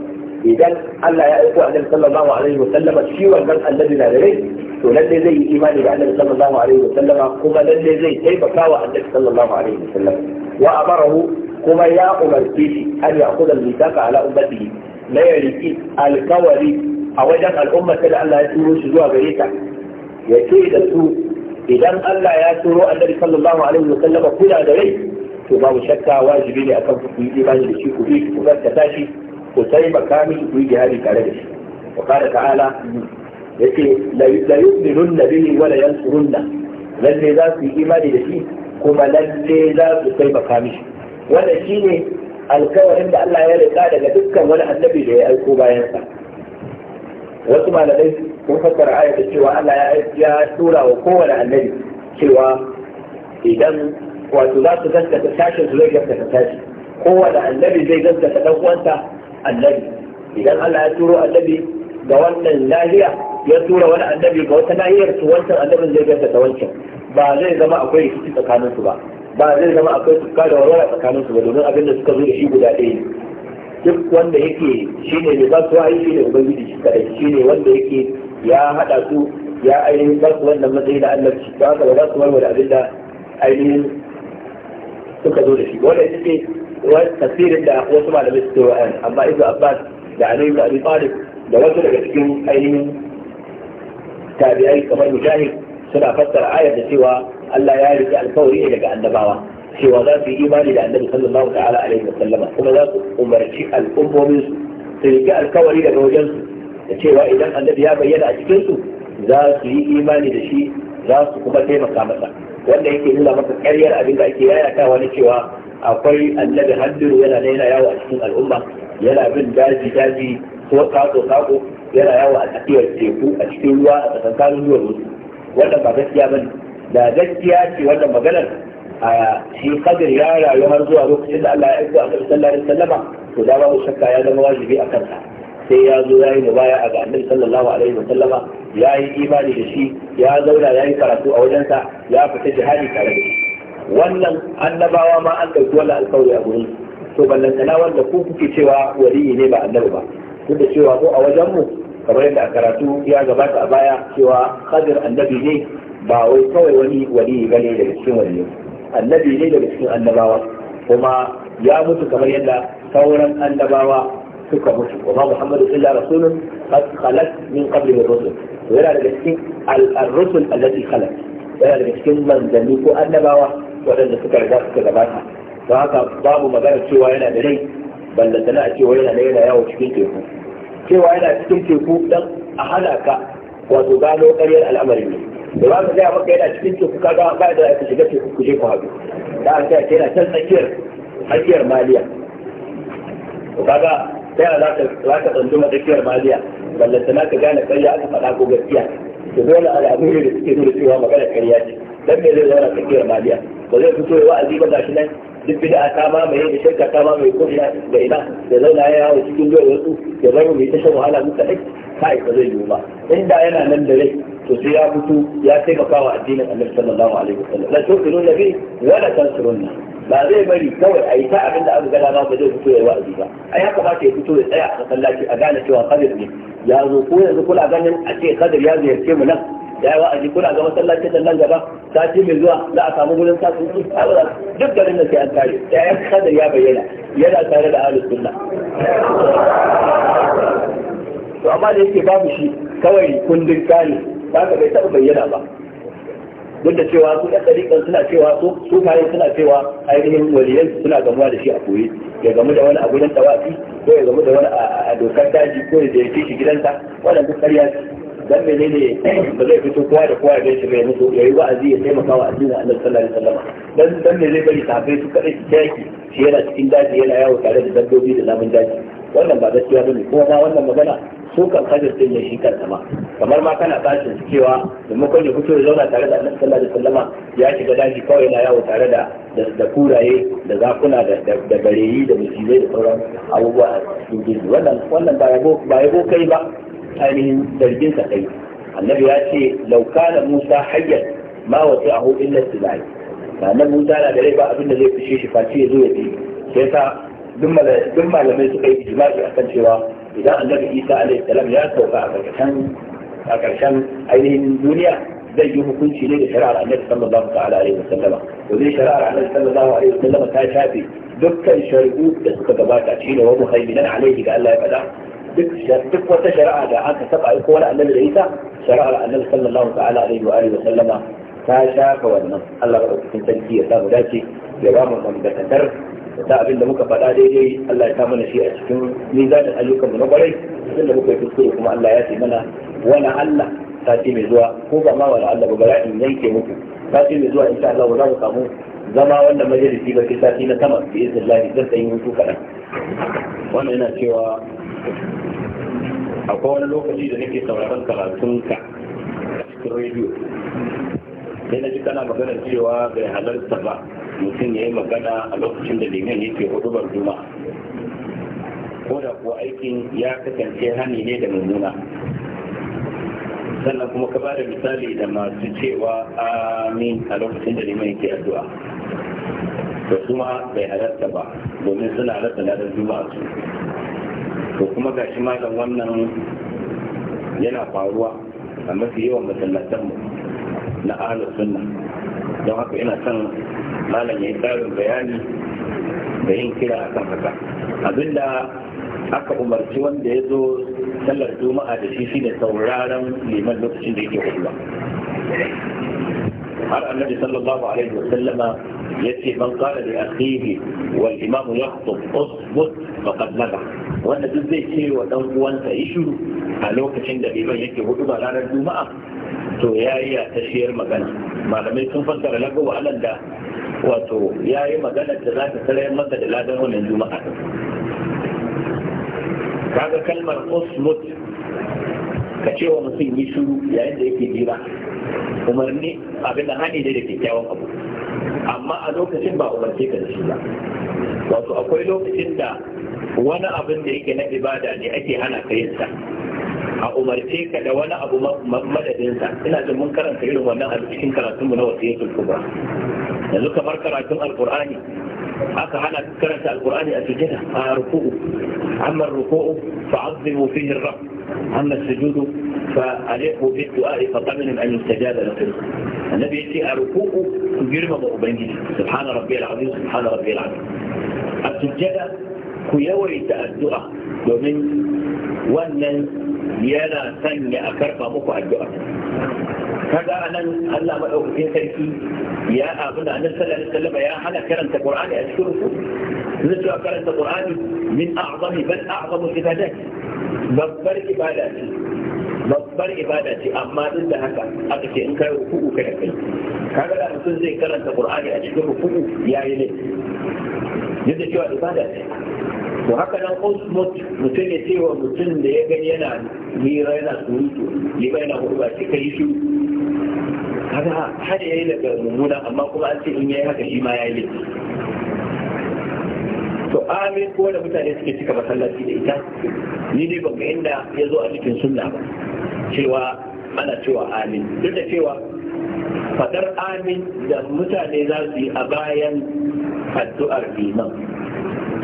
idan Allah ya aiko annabi sallallahu alaihi wa sallama shi wannan annabi na da rai to lalle zai yi imani da annabi sallallahu alaihi wa sallama kuma lalle zai taimaka wa annabi sallallahu alaihi wa sallama wa amarahu kuma ya umarce shi an ya kudan mitaka ala ummatihi na ya riki alkawari a wajen al'ummata da Allah ya turo shi zuwa gare ta ya ce da su idan Allah ya turo annabi sallallahu alaihi wa sallama kula da rai to babu shakka wajibi ne akan ku yi imani da shi ku bi ku gaskata shi ku taimaka mishi ku yi jihadi tare da shi wa qala ta'ala yace la yu'minunna bihi wa la yansurunna lalle za su yi imani da shi kuma lalle za su taimaka mishi wannan shine alkawarin da Allah ya rika daga dukkan wani annabi da ya aiko bayan sa wasu malamai sun fassara ayat cewa Allah ya tura wa kowane annabi cewa idan wato za su gaskata tashin su zai gaskata tashi kowane annabi zai gaskata dan uwansa annabi idan Allah ya turo annabi ga wannan lahiya ya tura wani annabi ga wata lahiyar su wancan annabin zai gasa ta wancan ba zai zama akwai rikici tsakanin su ba ba zai zama akwai tukka da warwara tsakanin su ba domin abin da suka zo da shi guda ɗaya duk wanda yake shi ne ba su wa'ayi shine ubangiji shi kadai ne wanda yake ya hada su ya ainihin ba su wannan matsayi da Allah shi ba haka ba za su warware abin da ainihin suka zo da shi wanda ya ce tafsirin da wasu malamai su wa ayan amma ibnu abbas da ali ibn abi talib da wasu daga cikin ainihin tabi'ai kamar mujahid suna fassara ayar da cewa Allah ya rike alkawari daga annabawa cewa za su yi imani da annabi sallallahu ta'ala alaihi wa sallama kuma za su umarci al'ummomin su su rike alkawari daga wajen su da cewa idan annabi ya bayyana a cikin su za su yi imani da shi za su kuma taimaka masa wanda yake nuna maka karyar abin da ake yayatawa na cewa akwai annabi haddiru yana da yana yawo a cikin al'umma yana bin daji daji ko kako kako yana yawo a tsakiyar teku a cikin ruwa a tsakankanin ruwan wasu wannan ba gaskiya bane da gaskiya ce wannan maganar a shi kadir ya rayu har zuwa lokacin da Allah ya aiko a kan sallallahu alaihi wasallama to da babu shakka ya zama wajibi a kansa sai ya zo ya yi mubaya a ga annabi sallallahu alaihi wasallama ya yi imani da shi ya zauna ya yi karatu a wajensa ya fita jihadi tare da shi wannan annabawa ma an ɗauki wannan alkawari a gurin to ballantana wanda ku kuke cewa waliyi ne ba annabi ba duk da cewa ko a wajen mu kamar yadda a karatu ya gabata a baya cewa hadir annabi ne ba wai kawai wani waliyi bane daga cikin waliyi annabi ne daga cikin annabawa kuma ya mutu kamar yadda sauran annabawa suka mutu kuma muhammadu illa rasulun qad khalat min qabli ar-rusul yana daga cikin al-rusul allati khalat yana daga cikin manzanni ko annabawa waɗanda suka riga suka gabata don haka babu magana cewa yana da rai ballantana a cewa yana da yana yawo cikin teku cewa yana cikin teku dan a hana ka wato gano ƙaryar al'amarin ne da ba ka gaya maka yana cikin teku ka ga ba da ka shiga teku ku je ku haɗu da aka ce yana can tsakiyar tsakiyar maliya to kaga ta yana za ka tsanduma tsakiyar maliya na ka gane ƙarya aka faɗa ko gaskiya to dole al'amuri da suke nuna cewa magana ƙarya ce dan me zai zauna tsakiyar maliya ba zai fito ya wa'azi ba gashi nan duk bid'a ta ma mai da shirka ta ma mai kuma da ina da zauna ya yawo cikin zuwa wasu ya zama mai ta shan wahala mu kadai kai ba zai yiwu ba inda yana nan da rai to sai ya fito ya taimaka wa addinin Annabi sallallahu alaihi wasallam la tu'minu nabi wa la tansurunna ba zai bari kawai a yi ta abin da aka gada ma ba zai fito ya wa'azi ba a ya kamata ya fito ya tsaya a masallaci a gane cewa kadir ne ya zo ko yanzu kula ganin a ce kadir ya ziyarce mu nan ya yi wa'azi kuna ga masallacin da nan gaba sati mai zuwa za a samu gudun sa su. a duk garin da sai an kare ya yi kadar ya bayyana yana tare da ahlus sunna to amma da yake babu shi kawai kundin kare ba ka bai taɓa bayyana ba duk da cewa su ɗan ɗariƙan suna cewa su kayan suna cewa ainihin waliyan suna gamuwa da shi a koyi ya gamu da wani a gudan tawafi ko ya gamu da wani a dokar daji ko ya ziyarci shi gidansa wannan duk ƙarya ce dan ne ba zai fito kowa da kowa da shi mai mutu yi wa'azi ya taimaka wa addinin Allah sallallahu alaihi wasallam dan dan zai bari sahabbai su kadai su taki shi yana cikin daji yana yawo tare da dabbobi da namun daji wannan ba gaskiya ne. kuma ma wannan magana su kan kajar din ne shi kan sama kamar ma kana tashin cewa da ya fito ya zauna tare da Allah sallallahu alaihi wasallam ya shiga daji kawai yana yawo tare da da kuraye da zakuna da bareyi da musizai da sauran abubuwa a cikin wannan wannan ba ba yabo kai ba ثاني ترجمه اي النبي ياتي لو كان موسى حيا ما وطئه الا السلاح فان موسى لا يدري بقى ابن زي في شيء فاتي دي كيف دم لما يسقي اجماع احسن شيء اذا النبي عيسى عليه السلام يا توفى فكان فكان اي من الدنيا زي يوم كل شيء لي شرع النبي صلى الله عليه وسلم وزي شرع النبي صلى الله عليه وسلم كان شافي دكا يشاركوك بس كتبات عشينه وابو خيمنا عليه قال الله يبدا duk wata shari'a da aka taba aiko wani annabi da ita shari'ar annabi sallallahu ta'ala alaihi wa alihi wa sallama ta shafa wannan Allah ba cikin sarki ya samu dace ya ba mu dangantakar ta abin da muka faɗa daidai Allah ya ta mana shi a cikin mizanin ayyukan mu na kwarai cikin da muka yi kuskure kuma Allah ya ce mana wala Allah sati mai zuwa ko ba ma wala Allah ba bara in yanke muku sati mai zuwa insha Allah za mu samu zama wannan majalisi ba ke sati na sama bi iznillahi zan yi mutu kaɗan wannan yana cewa akwai wani lokaci da nake sauraron ka a cikin rediyo sai na ji kana magana cewa bai halarta ba mutum ya yi magana a lokacin da limin yake hudu bar juma ko da kuwa aikin ya kasance hani ne da mummuna sannan kuma ka bada misali da masu cewa amin a lokacin da limin yake addu'a da kuma bai halarta ba domin suna halarta na da juma'a su to kuma ga shi malam wannan yana faruwa a mafi yawan masallatanmu na ahalar sunna don haka ina son malam ya yi tsarin bayani da yin kira a kan haka abinda aka umarci wanda ya zo sallar juma'a da shi shine sauraron liman lokacin da yake hulwa har annabi sallallahu alaihi wasallama yace man qala li akhihi wal imam yakhutub usbut faqad laga wanda duk zai ce wa dan uwansa yi shiru a lokacin da liman yake hudu ba ranar juma'a to yayi ya tashiyar magana malamai sun fassara lagu wa da wato yayi magana da za ta tsare masa da ladan wannan juma'a kaga kalmar usmut ka ce wa mutum yi shiru yayin da yake jira umarni abin da hani ne da kyakkyawan abu amma a lokacin ba umarce ka da shi ba wato akwai lokacin da wani abin da yake na ibada ne ake hana ka yin sa a umarce ka da wani abu madadinsa ina jin mun karanta irin wannan a cikin karatunmu na wasiyatul kubra yanzu kamar karatun alqur'ani أفعل كرة القرآن أسجدها فركوه أما الركوع فعظموا فيه الرب أما السجود فألقوا في الدعاء فطمنهم أن يستجاب لكم النبي يأتي أركوه كجرم ضعبين سبحان ربي العظيم سبحان ربي العظيم أسجد كيوري الدعاء يومين ونن يلا سنة أكرفة الدعاء kaga anan Allah madaukakin sarki ya abu da annabi sallallahu alaihi wasallam ya hana karanta Qur'ani a cikin ruku zai cewa karanta Qur'ani min a'zami bal a'zamu ibadat babbar ibada ce babbar ibada ce amma duk da haka aka ce in kai ruku'u ka da kai kaga da mutum zai karanta Qur'ani a cikin ruku'u yayi ne Yadda da cewa ibada ce to haka nan osmot mutum ya ce wa mutum da ya gani yana nira yana surutu ya ba yana hurba shi ka yi su haka hada ya yi daga mummuna amma kuma an ce in ya yi haka shi ma ya yi to amin ko da mutane suke cika masallaci da ita ni dai ban ga inda ya zo a cikin sunna ba cewa ana cewa amin duk da cewa fadar amin da mutane za su yi a bayan addu'ar iman.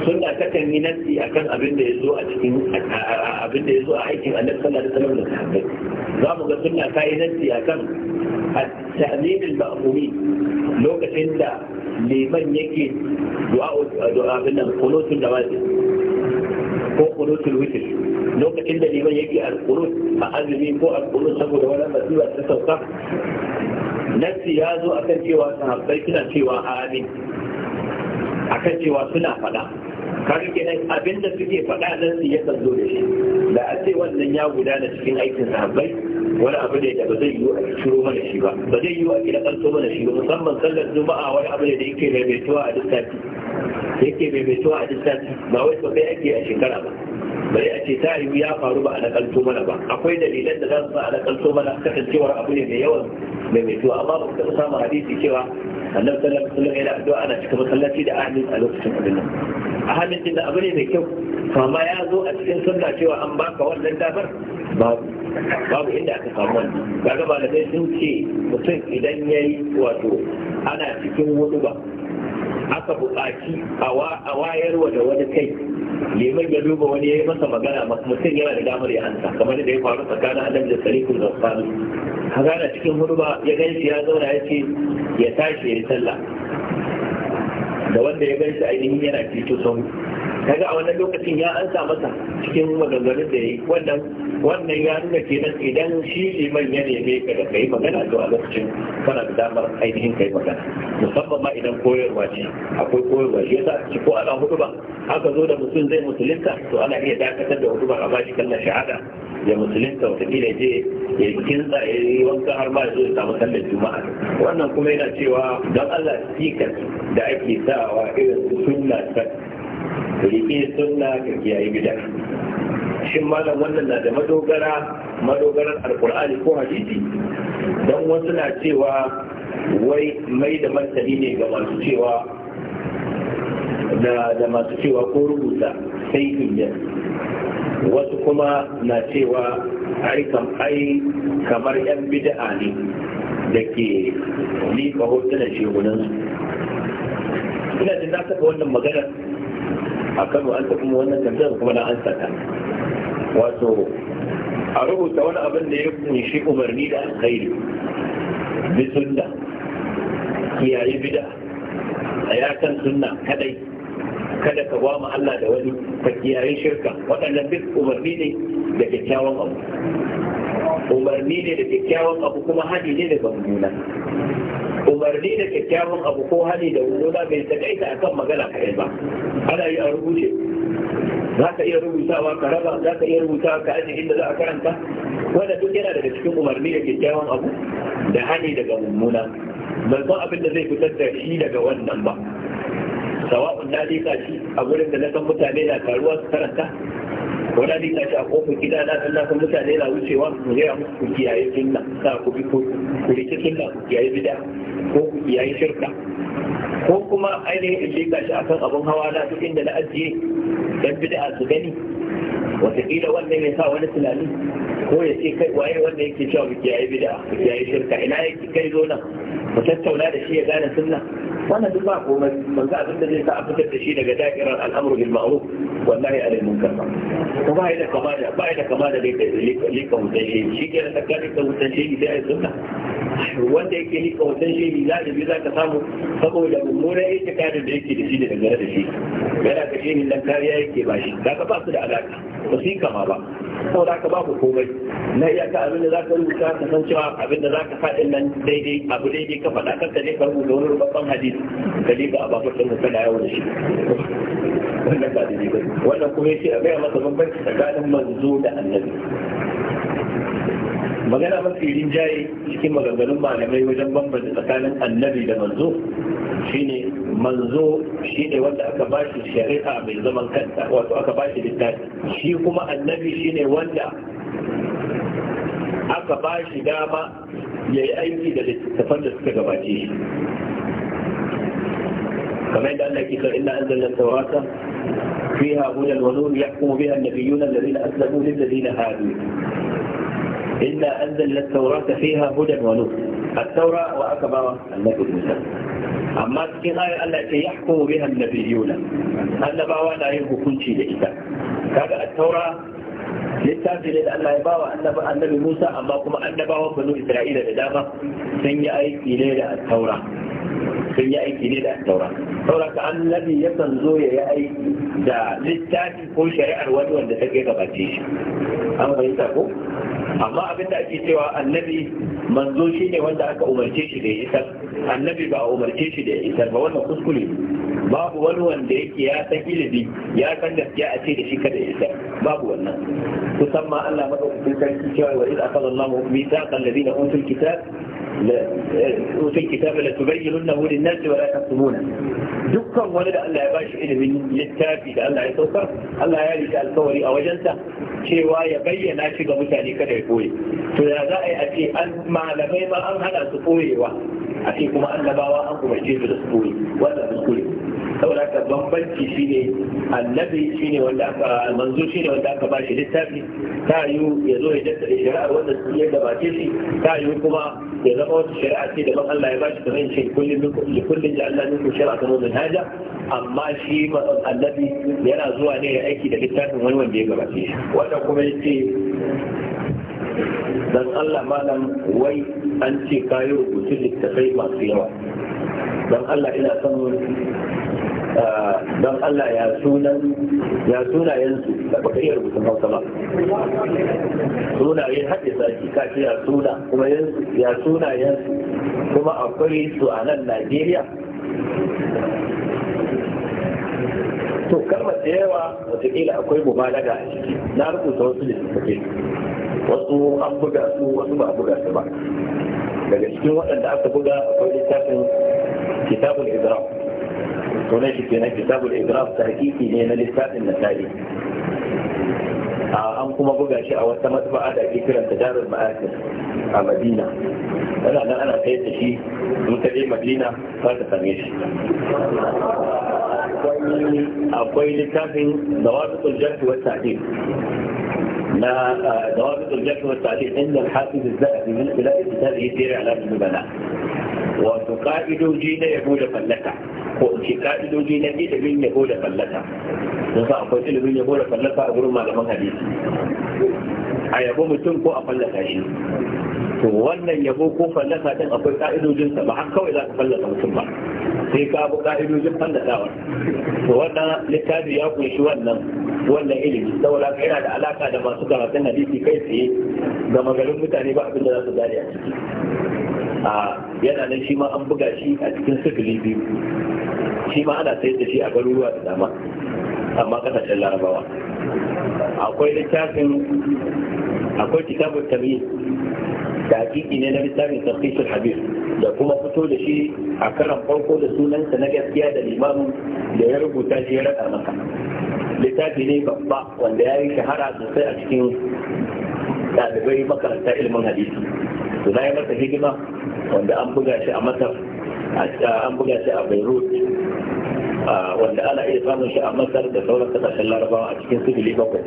sunna takan yi nasi akan abin da ya zo a cikin abin da ya zo a aikin a sallallahu alaihi wasallam da sahabbai za mu ga suna ta yi nasi akan at-ta'min al-ma'mumi lokacin da liman yake du'a du'a abin nan qunutun da wajib ko qunutul witr lokacin da liman yake al-qunut a azumi ko al-qunut saboda wani masuwa ta sauka nasi ya zo a kan cewa sahabbai suna cewa amin kan cewa suna faɗa kaga kenan abinda suke faɗa nan su ya kan zo da shi da a ce wannan ya gudana cikin aikin sahabbai wani abu ne da ba zai yiwu a ciro mana shi ba ba zai yiwu a kira ƙarfi mana shi ba musamman sallar juma'a wani abu ne da yake maimaituwa a duk sati yake maimaituwa a duk sati ba wai ba kai ake a shekara ba bari a ce ta yiwu ya faru ba a nakalto mana ba akwai dalilan da za su sa a nakalto mana kasancewar abu ne mai yawan maimaituwa amma ba ku taɓa samun hadisi cewa annabi sallallahu alaihi wasallam yana addu'a ana cika masallaci da ahlin a lokacin abinnan a halin din da abu ne mai kyau to amma ya zo a cikin sunna cewa an baka wannan damar babu babu inda aka samu wannan kaga malamai sun ce mutum idan yayi wato ana cikin wuduba. ba aka buƙaci a wayarwa da wani kai liman ya duba wani ya yi masa magana mutum yana da damar ya hanta kamar da ya faru tsakanin adam da sarikun da faru a gana cikin hurba ya gan shi ya zauna ya ce ya tashi ya yi sallah da wanda ya gan shi ainihin yana cikin sau kaga a wannan lokacin ya amsa masa cikin maganganun da ya yi wannan wannan ya nuna kenan idan shi liman ya neme ka da kai magana to a lokacin kana da damar ainihin kai magana musamman ma idan koyarwa ce akwai koyarwa shi yasa ci ko ana hudu ba aka zo da mutum zai musulunta to ana iya dakatar da hudu ba a bashi kallon shahada ya musulunta watakila je ya kinsa ya yi wanka har ma zo ya samu sallar juma'a wannan kuma yana cewa don Allah sikas da ake sawa irin sunna Riƙe suna ga kiyaye gida shin malam wannan na da madogara madogarar alkur'ani ko hadisi don wasu na cewa wai mai da martani ne ga masu cewa da masu cewa ko rubuta sai inda wasu kuma na cewa ai ai kamar yan bid'a ne da ke liƙa hotunan shekunansu. ina jin na wannan maganar a kano an kuma wannan tambayar kuma na ansa ta wato a rubuta wani abin da ya kunshi umarni da alkhairi bi sunna kiyaye bida a yakan sunna kadai kada ka ba Allah da wani ka kiyaye shirka waɗannan duk umarni ne da kyakkyawan abu umarni ne da kyakkyawan abu kuma hadi ne da mummuna umarni da kyakkyawan abu ko hali da wulona bai takaita akan magana kai ba ana yi a rubuce za ka iya rubutawa ka raba za ka iya rubutawa ka aji inda za a karanta wanda duk yana daga cikin umarni da kyakkyawan abu da hani daga mummuna ban abin da zai fitar da shi daga wannan ba sawa'un na lika shi a gurin da na san mutane na taruwa su karanta wani abin ka ce a kofar gida na sun nasan mutane na wucewa ku gaya musu ku kiyaye sunna sa ku bi ku ku rike sunna ku kiyaye bida ko ku kiyaye shirka ko kuma ainihin in leka shi akan abin hawa na duk inda na ajiye don bid'a su gani wataƙila wannan ya sa wani tunani ko ya ce kai waye wanda yake cewa biki yayi bid'a biki yayi shirka ina yake kai zo nan mu tattauna da shi ya gane sunna wannan duk ba komai manzo abin da zai sa a fitar da shi daga da'irar al'amru bil ma'ruf wallahi alil munkar to ba da kama da ba da kama da lika lika shi shi ke da tsakanin da mutan shi da sunna wanda yake liƙa wannan shehi galibi za ka samu saboda ya ce kayan da yake da shi da dangane da shi yana ka ne nan kariya yake ba shi ka ba su da alaƙa ba su yi kama ba da aka babu komai na iyaka abin da za ka rubuta ka san cewa abin da za ka faɗi nan daidai abu daidai ka faɗa kan ka je ka rubuta wani babban hadisi ka je a ababar ɗin ka na yawon shi wannan ba ba wannan kuma ya ce a gaya masa bambanci tsakanin manzo da annabi magana mafi rinjaye cikin maganganun malamai wajen bambanta tsakanin annabi da manzo shine manzo shi ne wanda aka ba shi shari'a mai zaman kanta wato aka ba shi littafi shi kuma annabi shi ne wanda aka ba shi dama ya yi aiki da littattafan da suka gabace shi kamar yadda Allah ke sa inna anzalna tawrata fiha hudan wa nur yahkumu biha an-nabiyyuna alladhina aslamu lil ladina hadu إلا أنزلنا التوراة فيها هدى ونور التوراة وأكبر النبي موسى أما تكين آية التي يحكم بها النبيون أن باوانا يهكم شيء لإذا كذا التوراة littafi ne da Allah ya bawa annabi Musa amma kuma Annabawa banu Isra'ila da dama sun yi aiki ne da taura taura saura annabi ya zo ya yi aiki da littafi ko shari'ar wani wanda ta ke gabace shi an bayyana ko amma abin abinda ake cewa annabi manzo shine wanda aka umarce shi da isar annabi ba a umarce shi da isar ba wannan kuskure babu wani wanda yake ya san ilimi ya san gaskiya a ce da shi kada isar babu wannan kusan ma Allah madaukakin sarki cewa wa iz akala Allahu mithaqal ladina utul kitab utul kitab la eh, tubayyinunahu lin-nas wa la taktumunahu dukkan wani da Allah ya bashi ilimin littafi da Allah ya saukar Allah ya rike alkawari a wajensa cewa ya bayyana shi ga mutane kada ya koye to ya za a yi a ce an malamai ma an hana su koyewa a ce kuma annabawa an umarce su da su koye wannan kuskure saboda haka bambanci shine annabi shine wanda aka manzo shine wanda aka bashi littafi ta yi ya zo ya daddare shari'ar wanda su ya gabace shi ta yi kuma ya zama wata shari'a ce da ban Allah ya bashi kamar shi kullum da kullum da Allah nufin shari'a ta mun haja amma shi annabi yana zuwa ne ya aiki da littafin wani wanda ya gabace shi wannan kuma yace dan Allah malam wai an ce kayi rubutu littafai masu yawa dan Allah ina son ah, dan Allah ya sunan ya sunayensu da baka iya rubutun Hausa ba sunaye hadda zaki ka ce ya suna kuma ya sunayensu kuma akwai su a nan Najeriya to kalmar da yawa wataƙila akwai mubalaga a ciki na rubuta wasu littattafai wasu an buga su wasu ba a buga su ba daga cikin waɗanda aka buga akwai littafin kitabul to ne shi kenan kitabul idram ta ne na littafin nasari an kuma buga shi a wata matba'a da ake kiranta darul ma'akir a madina ana nan ana sayar da shi in ka je madina za ka same shi akwai littafin da wasu kuljar wa ta'adil مع ضوابط الجرح والتعديل عند الحافظ الذهبي من خلال كتابه سير اعلام النبلاء wato ka'idoji na yabo da fallata ko ce ka'idoji na ilimin yabo da fallata don sa akwai ilimin yabo da fallata a gurin malaman hadisi a mutum ko a fallata shi to wannan yabo ko fallasa din akwai ka'idojin sa ba har kawai za ka fallasa mutum ba sai ka bu ka'idojin fallasawa to wannan littafi ya kunshi wannan wannan ilimi saboda yana da alaka da masu karatun hadisi kai tsaye ga magarin mutane ba abin da za su gane a ciki a yana nan shi ma an buga shi a cikin sifili biyu shi ma ana sayar da shi a garuruwa da dama amma kasashen larabawa akwai littafin akwai kitabun tamiyi تحقيقي لنا بالتالي تلخيص الحديث da kuma fito da shi a karan farko da sunansa na gaskiya da limamin da ya rubuta shi ya rada maka littafi ne babba wanda ya yi shahara sosai a cikin ɗalibai makaranta ilimin hadisi to na yi masa hidima wanda an buga shi a masar an buga shi a beirut wanda ana iya samun shi a masar da sauran kasashen larabawa a cikin sibili bakwai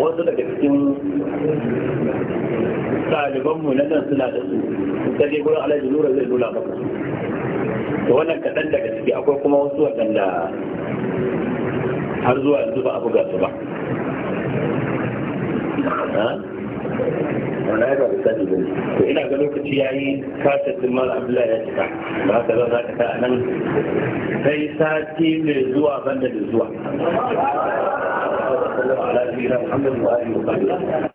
wasu daga cikin ɗalibanmu na nan suna da su ta je gurin alaji nura zai nuna maka to wannan kaɗan daga ciki akwai kuma wasu waɗanda har zuwa yanzu ba a buga su ba wani ya ba da sani ba to ina ga lokaci ya yi kasar din mara abdullahi ya cika ba haka za ka ta nan sai sati mai zuwa banda da zuwa. Allah ya rahmatu wa alihi wa